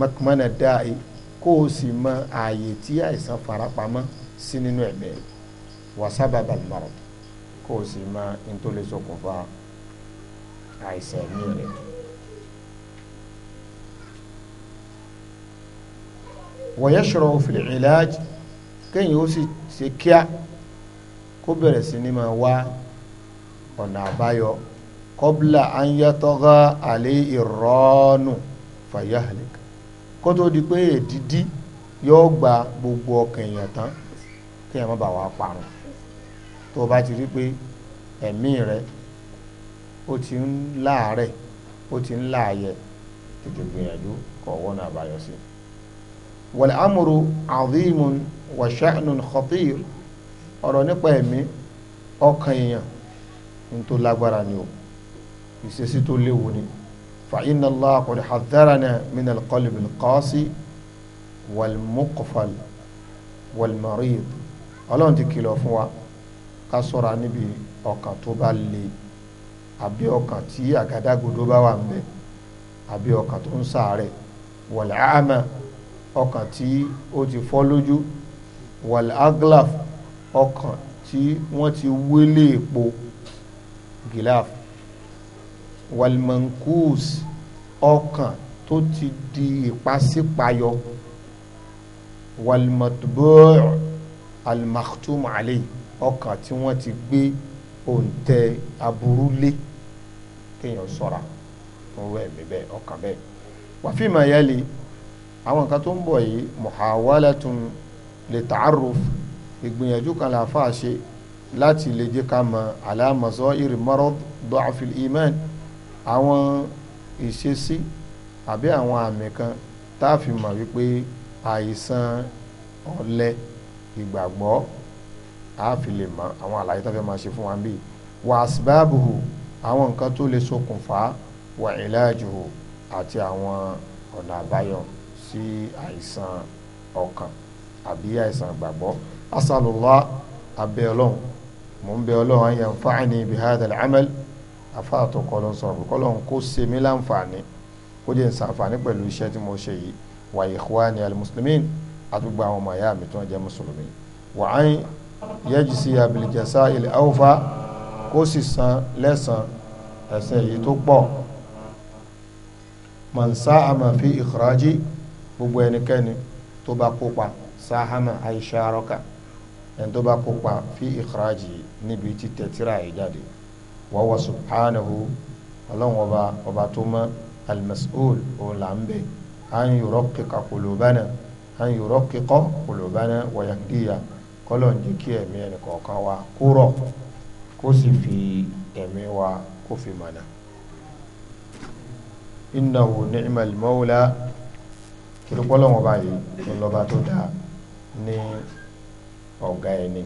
makmana da'i kó o sì mọ ààyè tí àìsàn farapamọ́ sí nínú ẹ̀mí ẹ̀ wa sababa kó o sì mọ ntòlẹ́sọkùnfà àìsàn ẹ̀mí rẹ̀. wa yashra fil kéèyàn ó sì ṣe kíá kó bẹ̀rẹ̀ sí ni máa wá ọ̀nà àbáyọ kọ́bílà anyatọ́gá àlẹ́ ìrọ́nù fàyàhálẹ̀ kó tó di pé èdìdí yóò gba gbogbo ọkàn èèyàn tán kéèyàn má bàa wá parun tó bá ti pé ẹ̀mí rẹ tètè gbìyànjú kọ̀ wọ́n náà sí. wa sha'nun khatir ọ̀rọ̀ nípa ẹ̀mí ọkàn èèyàn ní tó lágbára ni o ìṣesí tó léwu ni fa inna Allah qad hadharana min al-qalb al-qasi wal-muqfal wal-marid ọlọ́run ti kìlọ̀ fún wa ká sọ̀ra níbi ọkàn tó bá le àbí ọkàn tí àgádágodo bá wà ń àbí ọkàn tó ń ṣàárẹ̀ wal-aama ọkàn tí ó ti fọ́ lójú wal aglaf ọkàn tí wọ́n ti wélé epo gilaf wal mankus ọkàn tó ti di ìpàsípayọ wal matbu' al makhtum alayhi ọkàn tí wọ́n ti gbé òǹtẹ̀ aburú lé kéèyàn ṣọ́ra owó ẹ̀mí bẹ́ẹ̀ ọkàn bẹ́ẹ̀ wàfíìmọ̀ yẹ́lì àwọn nǹkan tó ń bọ̀ yìí muhawalatun lè tààrùf ìgbìyànjú kan làáfà ṣe láti lè jẹ́ ká mọ̀ àlàmọ̀sọ́ ìrìmọ́rọ́ dọ́àfil iman àwọn ìṣesí àbí àwọn àmì kan tá a fi mọ̀ wípé àìsàn ọ̀lẹ ìgbàgbọ́ a fi lè mọ̀ àwọn àlàyé tó fẹ́ máa ṣe fún wa bíi wà síbáàbùhù àwọn nǹkan tó lè ṣokùnfà wà ìlàjùhù àti àwọn ọ̀nà àbáyọ sí àìsàn ọkàn àbí àìsàn gbàgbọ́ asalullah abẹ́ ọlọ́run mò ń bẹ ọlọ́run ayé nfààní bi hadha al-amal afáàtò kọlọ́n sọ̀rọ̀ kọlọ́n kó ṣe mí láǹfààní kó jẹ́ nsàǹfààní pẹ̀lú iṣẹ́ tí mo ṣe yìí wà ikhwani al-muslimin àtúgbò àwọn ọmọ ìyá mi tó ń jẹ́ mùsùlùmí wà á ń yajisi bil jasa'il awfa kó sì san lẹ́san ẹ̀sẹ̀ yìí tó pọ̀ man sa'a ma fi gbogbo ẹnikẹ́ni tó bá kópa sahama aisharaka ẹni tó bá kópa fi ìkìrajì níbi títẹ tíra yìí jáde wa huwa subhanahu ọlọ́run ọba ọba tó mọ́ al-mas'ul òun là ń bẹ̀ an yuraqqiqa qulubana an yuraqqiqa qulubana wa yahdiya kọ́lọ̀ ń jẹ́ kí ẹ̀mí ẹnì kọ̀ọ̀kan wa kó kó sì fi ẹ̀mí wa kó fi mọ̀nà. innahu ni'mal mawla kìlúkọ́lọ́wọ́n báyìí ńlọba tó dáa ní ọ̀gá ẹni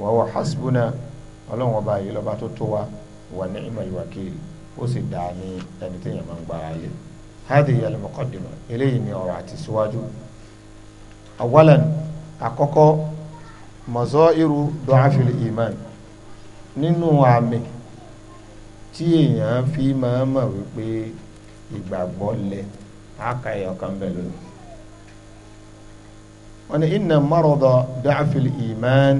wa huwa hasbuna ọlọ́run ọba yìí lọ́ba tó tó wa wa ni'mal wakil ó sì dá ní ẹni tí èèyàn máa ń gba ayé hadhihi al-muqaddima eléyìí ni ọ̀rọ̀ àti síwájú awalan àkọ́kọ́ mazairu du'afil iman nínú àmì tí èèyàn fi máa mọ̀ wípé ìgbàgbọ́ lẹ á ka ẹ̀yọ̀ kan bẹ̀ lónìí wọ́n ní inna marada da'fil iman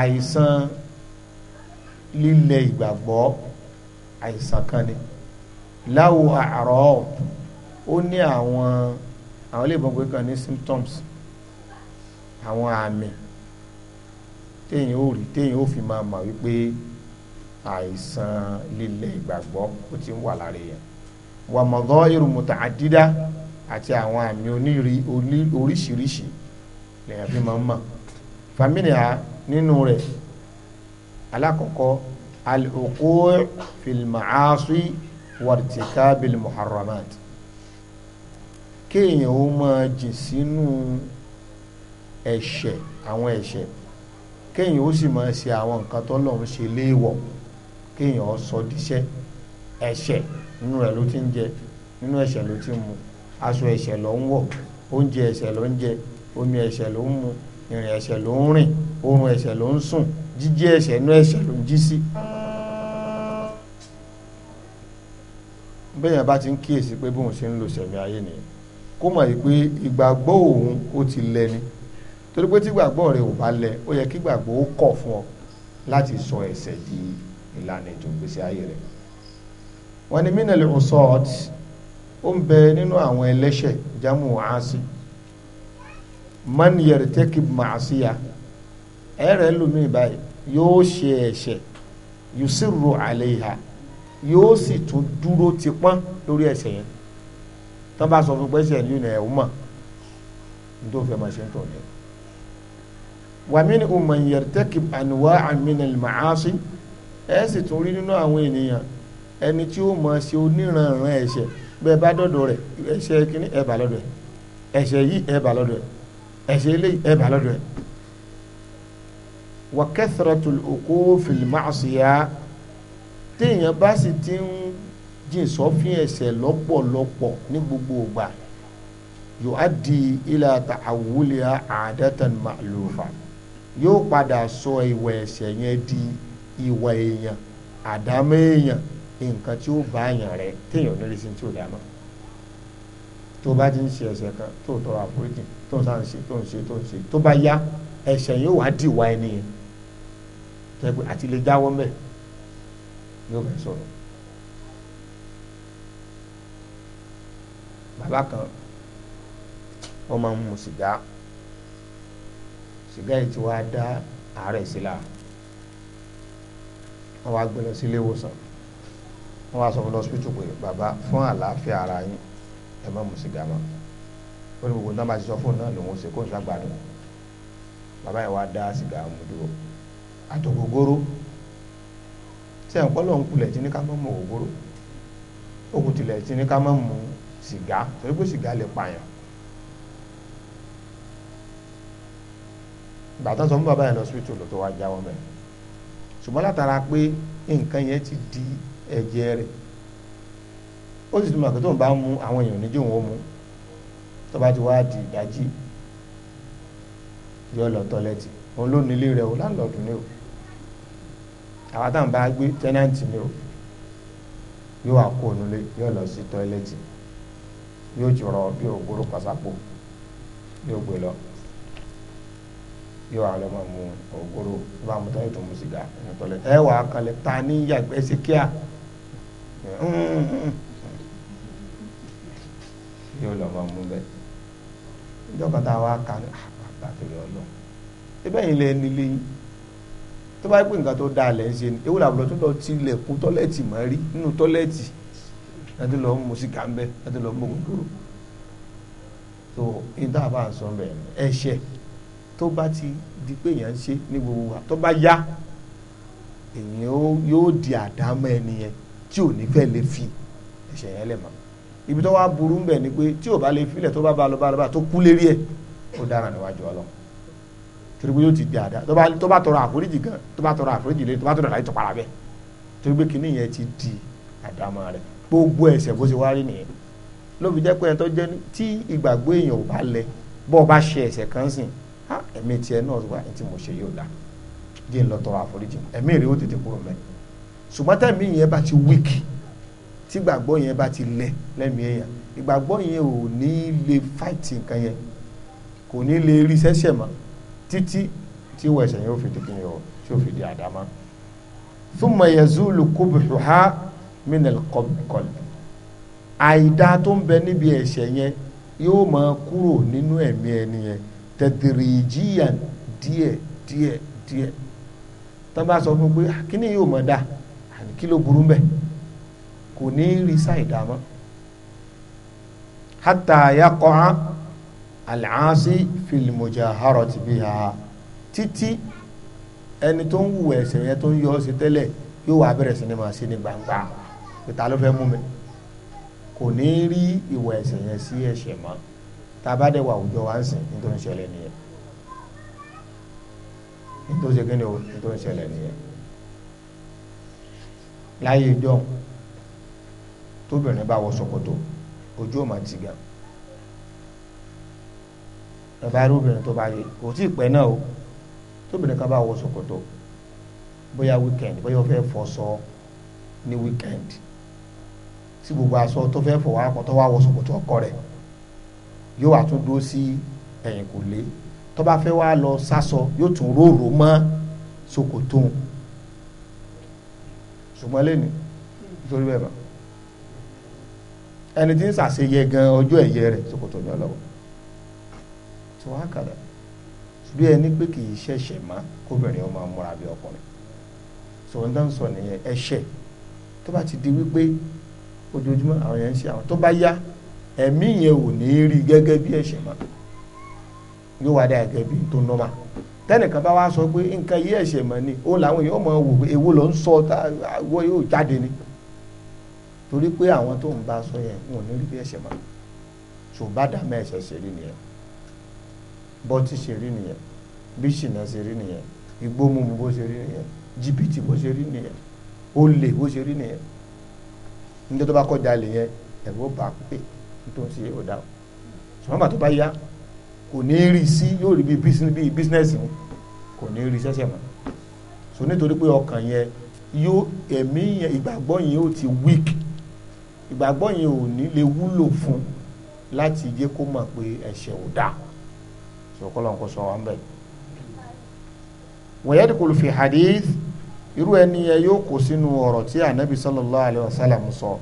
àìsàn lílẹ̀ ìgbàgbọ́ àìsàn kan ni láwo àárọ̀ ó ní àwọn àwọn ilé ìbọ̀gbé kan ní symptoms àwọn àmì téèyàn ò rí téèyàn ò fi máa mọ̀ wípé àìsàn lílẹ̀ ìgbàgbọ́ ó ti ń wà lára èèyàn wà mọ̀gọ́ irun mùtà àti àwọn àmì oníri oríṣiríṣi lèèyàn fi máa ń mọ̀ fàmílìà nínú rẹ̀ alákọ̀ọ́kọ́ al-uqu' fil ma'asi wartikabil muharramat kéèyàn ó máa jìn sínú ẹ̀ṣẹ̀ àwọn ẹ̀ṣẹ̀ kéèyàn ó sì máa ṣe àwọn nǹkan tọ́lọ́run ṣe léèwọ̀ kéèyàn ó sọ díṣẹ́ ẹ̀ṣẹ̀ nínú rẹ̀ ló ti ń jẹ nínú ẹ̀ṣẹ̀ ló ti ń mu aṣọ ẹ̀ṣẹ̀ ló ń wọ̀ oúnjẹ ẹ̀ṣẹ̀ ló ń jẹ omi ẹ̀ṣẹ̀ ló ń mu ìrìn ẹ̀ṣẹ̀ ló ń rìn oorun ẹ̀ṣẹ̀ ló ń sùn jíjí ẹ̀ṣẹ̀ inú ẹ̀ṣẹ̀ ló ń jí sí. bẹ́ẹ̀ bá ti ń kíyèsí pé bóun ṣe ń lo sẹ̀mí ayé nìyẹn kó mọ̀ yìí pé ìgbàgbọ́ òun ó ti lẹ ni torí pé tí ìgbàgbọ́ rẹ ò bá lẹ ó yẹ kí ìgbàgbọ́ ó kọ̀ fún ọ láti sọ ẹ̀ṣẹ̀ di ìlànà ìjọ̀gbésí ayé rẹ. wọ́n ní mínàlẹ́ ọ̀sọ́ọ̀tì ó ń bẹ nínú àwọn ẹlẹ́ṣẹ̀ jamu aasi man yartakib ma'asiya ẹ̀rẹ̀ lómi báyìí yóò ṣe ẹ̀ṣẹ̀ yusirru alayha yóò sì tún dúró ti lórí ẹ̀ṣẹ̀ yẹn tán bá sọ fún pé ẹ̀ṣẹ̀ yìí nà ẹ̀ ọmọ nítorí fẹ́ máa ṣe ń tọ̀ ní. wa minhum man yartakib anwa'an minal ma'asi ẹ̀ sì tún rí nínú àwọn ènìyàn ẹni tí ó ṣe oníranran ẹ̀ṣẹ̀ bẹ́ẹ̀ bá dọ̀dọ̀ rẹ̀ ẹ̀ṣẹ̀ kínní ẹ̀ bà lọ́dọ̀ ẹ̀ ẹ̀ṣẹ̀ yìí ẹ̀ bà lọ́dọ̀ ẹ̀ ẹ̀ṣẹ̀ eléyìí ẹ̀ bà lọ́dọ̀ ẹ̀. wa kathratul uquf fil ma'siya téèyàn bá sì ti ń jìn sọ́fín ẹ̀ṣẹ̀ lọ́pọ̀lọpọ̀ ní gbogbo ìgbà yuaddi ila ta'awuliha adatan ma'lufa yóò padà sọ ìwà ẹ̀ṣẹ̀ yẹn di ìwà èèyàn àdámẹ́ èèyàn nǹkan tí ó bá àyàn rẹ téèyàn ní lẹ́sìn tí ò dáa mọ́ tó bá ti ń ṣe ẹ̀ṣẹ̀ kan tó tọrọ àforíjì tó ń sá ń ṣe tó ń ṣe tó ń ṣe tó bá yá ẹ̀ṣẹ̀ yóò wá dì wá ẹni yẹn tẹ́gbẹ́ àti lè jáwọ́ mẹ́ yóò bẹ̀ sọ̀rọ̀ bàbá kan wọ́n máa ń mu sìgá sìgá yìí ti wá dá àárẹ̀ sílá wọ́n wá gbé sí ilé ìwòsàn wọ́n wá sọ fún lọ́sibítù pé bàbá fún àlàáfíà ara yín ẹ má mu sìgá mọ́ ó ní gbogbo náà bá ti sọ fóònù náà lòun ṣe kóòtù lágbàdùn bàbá yẹn wá dá sìgá mu dúró àtògógóró tí ẹ̀ ń pọ́lọ́ ń kulẹ̀ tí ní ká má mu ògógóró òkùn tilẹ̀ tí ní ká má mu sìgá torí pé sìgá lè pààyàn bàtà sọ fún bàbá yẹn lọ́sibítù lọ́tọ́ wá jáwọ́ mẹ́rin ṣùgbọ́n látara pé nǹkan yẹn ti di ẹ̀jẹ̀ rẹ̀ ó sì túmọ̀ pé tóun bá mú àwọn èèyàn níjó wọn mú tó bá ti wá di ìdájí yọ lọ tọ́lẹ́tì òun ló nílé rẹ̀ o láńlọ́ọ̀dù ni o àwọn táwọn bá gbé tẹ́nàntì ni o yóò wá kó onúlé yóò lọ sí tọ́lẹ́tì yóò jùrọ̀ bí ògbóró pàṣàpò yóò gbé lọ yóò wá lọ máa mu ògbóró bá mu tọ́lẹ́tì mu sìgá ẹ̀ wà á kalẹ̀ ta ní yàgbẹ́ sí kíá yóò lọ máa mú bẹ́ẹ̀ ìjọba tá a wá ka ní àbàbà torí ọlọ ebe yìí lẹ nílé yín tó bá pè nǹkan tó dáa lẹ ń ṣe ni ewu làbúrò tó lọ tilẹ̀kùn tọ́lẹ́ẹ̀tì mọ́ rí nínú tọ́lẹ́ẹ̀tì láti lọ mú sìgá ń bẹ láti lọ mú gbogbo tó ìdá bá ń sọ bẹ́ẹ̀ ẹ̀ṣẹ̀ tó bá ti di pé èèyàn ń ṣe ní gbogbo wa tó bá yá èèyàn yóò di àdámọ́ ẹni yẹn tí ò ní fẹ́ lè fi ẹ̀ṣẹ̀ yẹn lẹ̀ mọ́ ibi tó wá burú ń bẹ̀ ni pé tí ò bá lè filẹ̀ tó bá ba lọ bá lọ bá tó kú lérí ẹ̀ ó dára níwájú ọlọ́run torí pé yóò ti di àdá tó bá tọrọ àforíjì gan tó bá tọrọ àforíjì lé tó bá tọrọ àdáyé tọpara bẹ́ẹ̀ torí pé kinní yẹn ti di àdámọ́ rẹ̀ gbogbo ẹ̀ṣẹ̀ bó ṣe wá rí nìyẹn ló fi jẹ́ pé ẹni tó jẹ́ tí ìgbàgbọ́ èèyàn ò bá lẹ bọ́ ọ bá ṣe ẹ̀ṣẹ̀ kan sìn ah, ẹ̀mí tiẹ̀ náà wà ní tí mo ṣe yóò dá díẹ̀ lọ àforíjì ẹ̀mí rẹ̀ ó tètè kúrò mẹ́rin ṣùgbọ́n tẹ̀mí yẹn bá ti weak tí gbàgbọ́ yẹn bá ti lẹ̀ lẹ́mìí èèyàn ìgbàgbọ́ yẹn ò ní lè fight nǹkan yẹn kò ní lè rí sẹ́sẹ̀ mọ́ títí tí wọ́n ẹ̀sẹ̀ yẹn ò fi di kínyìn o tí ò fi di àdámá. thumma yazulu qubhuha minal qalbi àìdá tó ń bẹ níbi ẹ̀sẹ̀ yẹn yóò máa kúrò nínú ẹ̀mí ẹni yẹn tadrijiyan díẹ̀ díẹ̀ díẹ̀ tó sọ fún pé ah, kíní yóò máa dáa Kilo ló burú mbẹ kò ní rí ṣàìdá mọ́ hatta yaqa al-aasi fil mujaharati biha titi ẹni tó ń wù ẹ̀ṣẹ̀ yẹn tó ń yọ ọ́ sí tẹ́lẹ̀ yóò wá bẹ̀rẹ̀ sí ni máa ṣe ní gbangba ìta ló fẹ́ mú mi kò ní rí ìwà ẹ̀ṣẹ̀ yẹn sí ẹ̀ṣẹ̀ mọ́ tá a bá dẹ̀ wà ń sìn nítorí ìṣẹ̀lẹ̀ nìyẹn nítorí ìṣẹ̀lẹ̀ nìyẹn láyé ìjọ tóbìnrin bá wọ ṣòkòtò ojú ò mà ti gà bàbá irúbìnrin tó bá rí kò tí ì pẹ́ náà o tóbìnrin kan bá wọ ṣòkòtò bóyá wíkẹ̀ndì bóyá ó fẹ́ fọṣọ ní wíkẹ̀ndì tí gbogbo aṣọ tó fẹ́ fọ̀ wá kọ́ tó wọ ṣòkòtò ọkọ rẹ̀ yóò wá tún dúró sí ẹ̀yìnkùlé tó bá fẹ́ wá lọ sásọ yóò tún róòrò mọ́ ṣòkòtò òun ṣùgbọ́n lẹ́nu nítorí bẹ́ẹ̀ bá ẹni tí ń ṣàṣeyẹ gan ọjọ́ ẹ̀yẹ rẹ̀ ṣòkòtò ní ọlọ́wọ́ tí wọ́n á kàdà bí ẹni pé kì í ṣẹ̀ṣẹ̀ má kóbìnrin ọmọ múra bí ọkùnrin sọ̀rọ̀ náà ń sọ nìyẹn ẹ̀ṣẹ̀ tó bá ti di wípé ojoojúmọ́ àwọn yẹn ń ṣe àwọn tó bá yá ẹ̀mí yẹn ò ní rí gẹ́gẹ́ bí ẹ̀ṣẹ̀ má yóò wá dá gẹ́gẹ́ bí tó nọ́mà tẹ́nìkan bá wá sọ pé nǹkan yí ẹ̀ṣẹ̀ mọ̀ ni ó làwọn èèyàn mọ̀ wò pé èwo ló ń sọ àwọ̀ yóò jáde ni torí pé àwọn tó ń bá sọ yẹn wọn ò ní rí bí ẹ̀ṣẹ̀ mọ̀ ṣò bá dà mẹ́ ẹ̀ṣẹ̀ ṣe rí nìyẹn bọ́tí ṣe rí nìyẹn bí ṣìnà ṣe rí nìyẹn igbó mímu bó ṣe rí nìyẹn jìbìtì bó ṣe rí nìyẹn olè bó ṣe rí nìyẹn nítorí tó bá kọjá lè yẹn ẹ̀rọ bá pé nítorí ó dà ṣùgbọ́n kò ní rí sí yóò rí bí bísínẹ́sì kò ní rí sẹ́sẹ̀ mọ́ so nítorí pé ọkàn yẹn yóò ẹ̀mí yẹn ìgbàgbọ́ yẹn ó ti weak ìgbàgbọ́ yẹn ò ní lè wúlò fún láti yé kó mọ̀ pé ẹ̀ṣẹ̀ ò dáa sọkọlọ́n kò sọ wọn bẹ́ẹ̀. wọ́n yẹ́ dìkọ̀ lùfì hadith irú ẹni yẹn yóò kó sínú ọ̀rọ̀ tí anabi sallallahu alayhi wa sallam sọ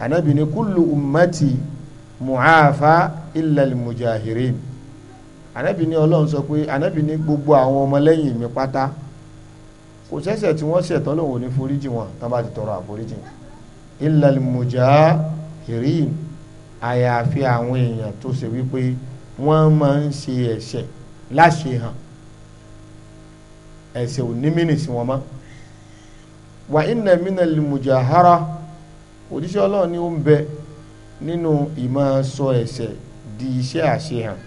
anabi ni kullu ummati mu'afa illa mujahirin ànábì ní ọlọ́run sọ pé ànábì ní gbogbo àwọn ọmọlẹ́yìn mi pátá kò ṣẹ̀ṣẹ̀ tí wọ́n ṣẹ̀ tán lòun ò ní foríjì wọn tán bá ti tọrọ àforíjì illal mujahirin àyàfi àwọn èèyàn tó ṣe wípé wọ́n máa ń ṣe ẹ̀ṣẹ̀ láṣehàn ẹ̀ṣẹ̀ ò ní mínísì wọn mọ́ wà inna minal mujahara òjíṣẹ́ ọlọ́run ni ó ń bẹ nínú ìmọ̀ sọ ẹ̀ṣẹ̀ di iṣẹ́ àṣehàn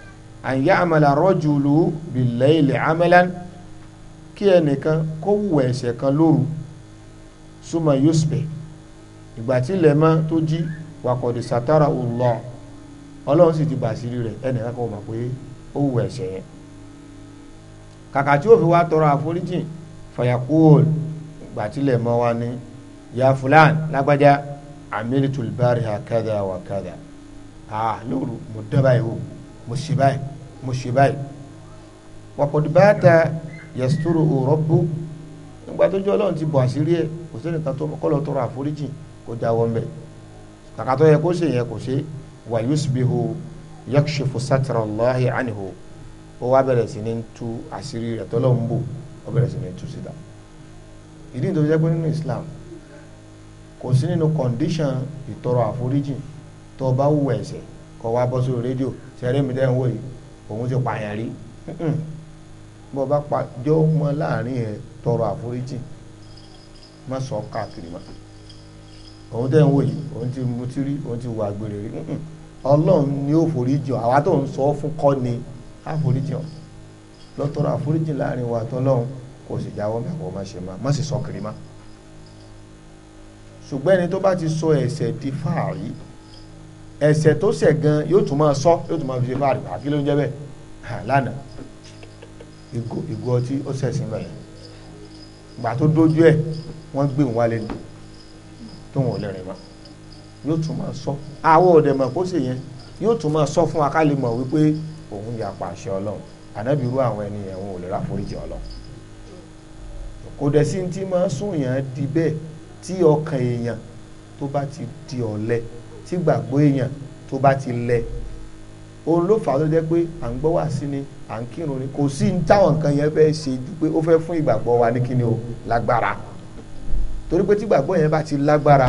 an ya'mala rajulu bil-layli 'amalan kí ẹnìkan kó wù ẹ̀ṣẹ̀ kan lóru summa yusbih ìgbà tí ilẹ̀ mọ́ tó jí wa qad satara Allah ọlọ́run sì ti bàṣírí rẹ̀ ẹnìkan kò mọ̀ pé ó wù ẹ̀ṣẹ̀ yẹn kàkà tí ó fi wá tọrọ àforíjì fayaqul ìgbà tí ilẹ̀ wa ní ya fulan lágbájá amilitul bariha kada wa kada ah lóru mo dábàá yìí o mo ṣe báyìí mo wakodibata báyìí wàkọ̀dùbáàtà yẹ̀sítúrò òrọ́bù nígbà tó jẹ́ ọlọ́run ti bọ̀ àṣírí ẹ̀ kò sí nìkan tó kọ́lọ̀ tọrọ àforíjì kó jáwọ́ ń bẹ̀ kàkà yẹ kó ṣe yẹn kò ṣe wà yusbihu yakshifu sátìrà Allahi anhu ó wá bẹ̀rẹ̀ sí ní tú àṣírí rẹ̀ tọ́lọ́ ń bò ó bẹ̀rẹ̀ sí ní tú síta ìdí nítorí jẹ́ pé nínú Islam kò sí nínú kọ̀ǹdíṣàn ìtọrọ àforíjì tó bá wù ẹ̀ṣẹ̀ kó wá bọ́ sórí rédíò ṣẹ́rẹ́mìdẹ́ ń wò yìí òun ti pààyàn rí bó bá pa jọ mọ láàrin ẹ tọrọ àforíjì má sọ káàkiri mọ́ òun tẹ́ ń wò yìí òun ti mutí rí òun ti wà gbèrè rí ọlọ́run ni ó foríjì ọ àwa tó ń sọ fún kọ́ ni á foríjì ọ lọ tọrọ àforíjì láàrin wa tọ́lọ́run kò sì jáwọ́ mẹ́kọ̀ọ́ má ṣe má má sì sọ kiri má ṣùgbọ́n ẹni tó bá ti sọ ẹ̀ṣẹ̀ di fáàrí ẹ̀ṣẹ̀ tó ṣẹ̀ gan yóò tún máa sọ yóò tún máa fi ṣe fáàrí àkí ló ń jẹ́ bẹ́ẹ̀ hàn lánàá ìgò ìgò ọtí ó ṣẹ̀sìn bẹ̀rẹ̀ gbà tó dójú ẹ̀ wọ́n gbé òun wálé ni tó wọn ò lẹ́rìn mọ́ yóò tún máa sọ àwọn ọ̀dẹ̀ mọ̀ kó sì yẹn yóò tún máa sọ fún wa ká lè mọ̀ wípé òun yà pa àṣẹ ọlọ́run ànábì irú àwọn ẹni yẹn òun ò lè ra foríjì ọlọ́run kò dẹ̀ sí ti máa sún yẹn di bẹ́ẹ̀ tí ọkàn èèyàn tó bá ti di ọ̀lẹ tí gbàgbọ́ èèyàn tó bá ti lẹ̀ òun ló fà á tó pé à ń gbọ́ wà sí ni à ń kírun ni kò sí ní táwọn nǹkan yẹn fẹ́ ṣe ju pé ó fẹ́ fún ìgbàgbọ́ wa ní kíni o lágbára torí pé tí gbàgbọ́ yẹn bá ti lágbára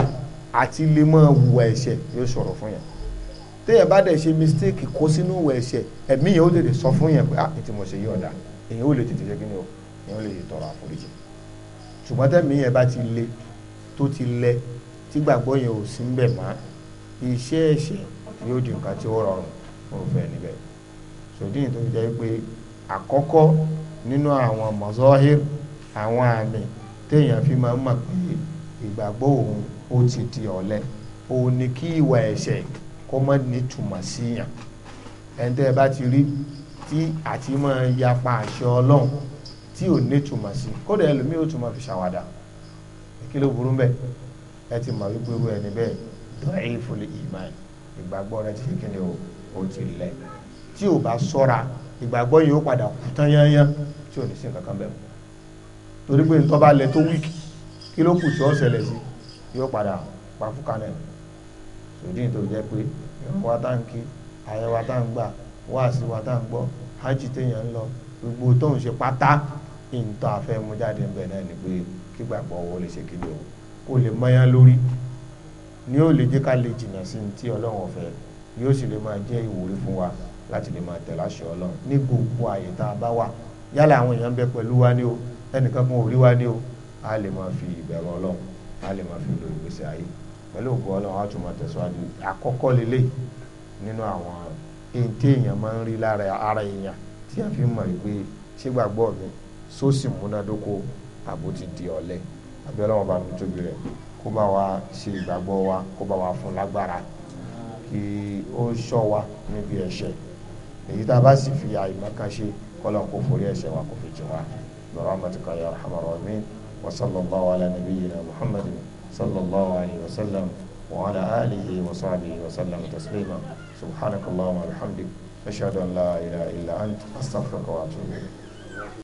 àti lè máa hùwà ẹ̀ṣẹ̀ yóò ṣòro fún yẹn téèyàn bá dẹ̀ ṣe mistake kó sínú hùwà ẹ̀ṣẹ̀ ẹ̀mí yẹn ó tètè sọ fún yẹn pé ah ètò mo ṣe yí ọ̀dà èyàn ó lè tètè ṣe kíni o èyàn ó lè tọrọ le tó ti lẹ tí iṣẹ́ ẹ̀ṣẹ̀ yóò di nǹkan tí ó rọrùn mo fẹ́ níbẹ̀ sòdíyìn tó fi jẹ́ pé àkọ́kọ́ nínú àwọn mọ̀sọ́hìr àwọn àmì téèyàn fi máa ń mọ̀ pé ìgbàgbọ́ òun ó ti di ọ̀lẹ òun ni kí ìwà ẹ̀ṣẹ̀ kó má nítumọ̀ síyàn ẹni tẹ́ ẹ bá ti rí tí àti máa yapa àṣẹ ọlọ́run tí ò nítumọ̀ sí kódà ẹlòmíì ó tún máa fi ṣàwàdà kí ló burú bẹ́ẹ̀ ẹ ti mọ̀ wípé ẹni bẹ́ẹ̀ da'iful iman ìgbàgbọ́ rẹ ti fi kíni o ó ti lẹ̀ tí o bá sọ́ra ìgbàgbọ́ yìí ó padà kú tán yányán tí o ní sí nǹkan kan bẹ́ẹ̀ torí pé nítorí bá lẹ tó wíìkì kí ló kù tí ó ṣẹlẹ̀ sí yóò padà pa fúkà náà sòdí nítorí jẹ́ pé ìrànwọ́ tá ń kí àyẹ̀wò tá ń gbà wáàsí wa tá ń gbọ́ hajj téèyàn ń lọ gbogbo tó ń ṣe pátá ìǹtọ́ àfẹ́ mú jáde ń bẹ̀ náà ni pé kígbàgbọ́ wọlé ṣe kíni o kó lè mọ́yán lórí ni ó lè jẹ́ ká lè jìnnà sí ní tí ọlọ́run ọ̀fẹ́ yóò sì lè máa jẹ́ ìwúrí fún wa láti lè máa tẹ̀lé àṣẹ ọlọ́run ní gbogbo àyè tá a bá wà yálà àwọn èèyàn ń bẹ pẹ̀lú wa ní o ẹnìkan kan ò rí wa ní o a lè máa fi ìbẹ̀rù ọlọ́run a lè máa fi lo ìgbésí ayé pẹ̀lú òkú ọlọ́run a tún máa tẹ̀síwájú àkọ́kọ́ lélẹ̀ nínú àwọn èntè èèyàn máa ń rí lára ara èèyàn tí a fi mọ̀ pé ṣé gbàgbọ́ mi sósì múnádóko àbó di ọ̀lẹ àbí ọlọ́run bá mi tóbi rẹ̀ kó bá wa ṣe ìgbàgbọ́ wa kó bá wa fún lágbára kí ó ṣọ́ wa níbi ẹ̀ṣẹ̀ èyí tá a bá sì fi àìmọ̀kan ṣe kọ́lọ̀ kó forí ẹ̀ṣẹ̀ wa kó fi jìn wa rahmatika ya arhamar rahimin wa sallallahu ala nabiyyina muhammadin sallallahu alayhi wa sallam wa ala alihi wa sahbihi wa sallam taslima subhanakallahumma wa bihamdik ashhadu an la ilaha illa ant astaghfiruka wa atubu ilayk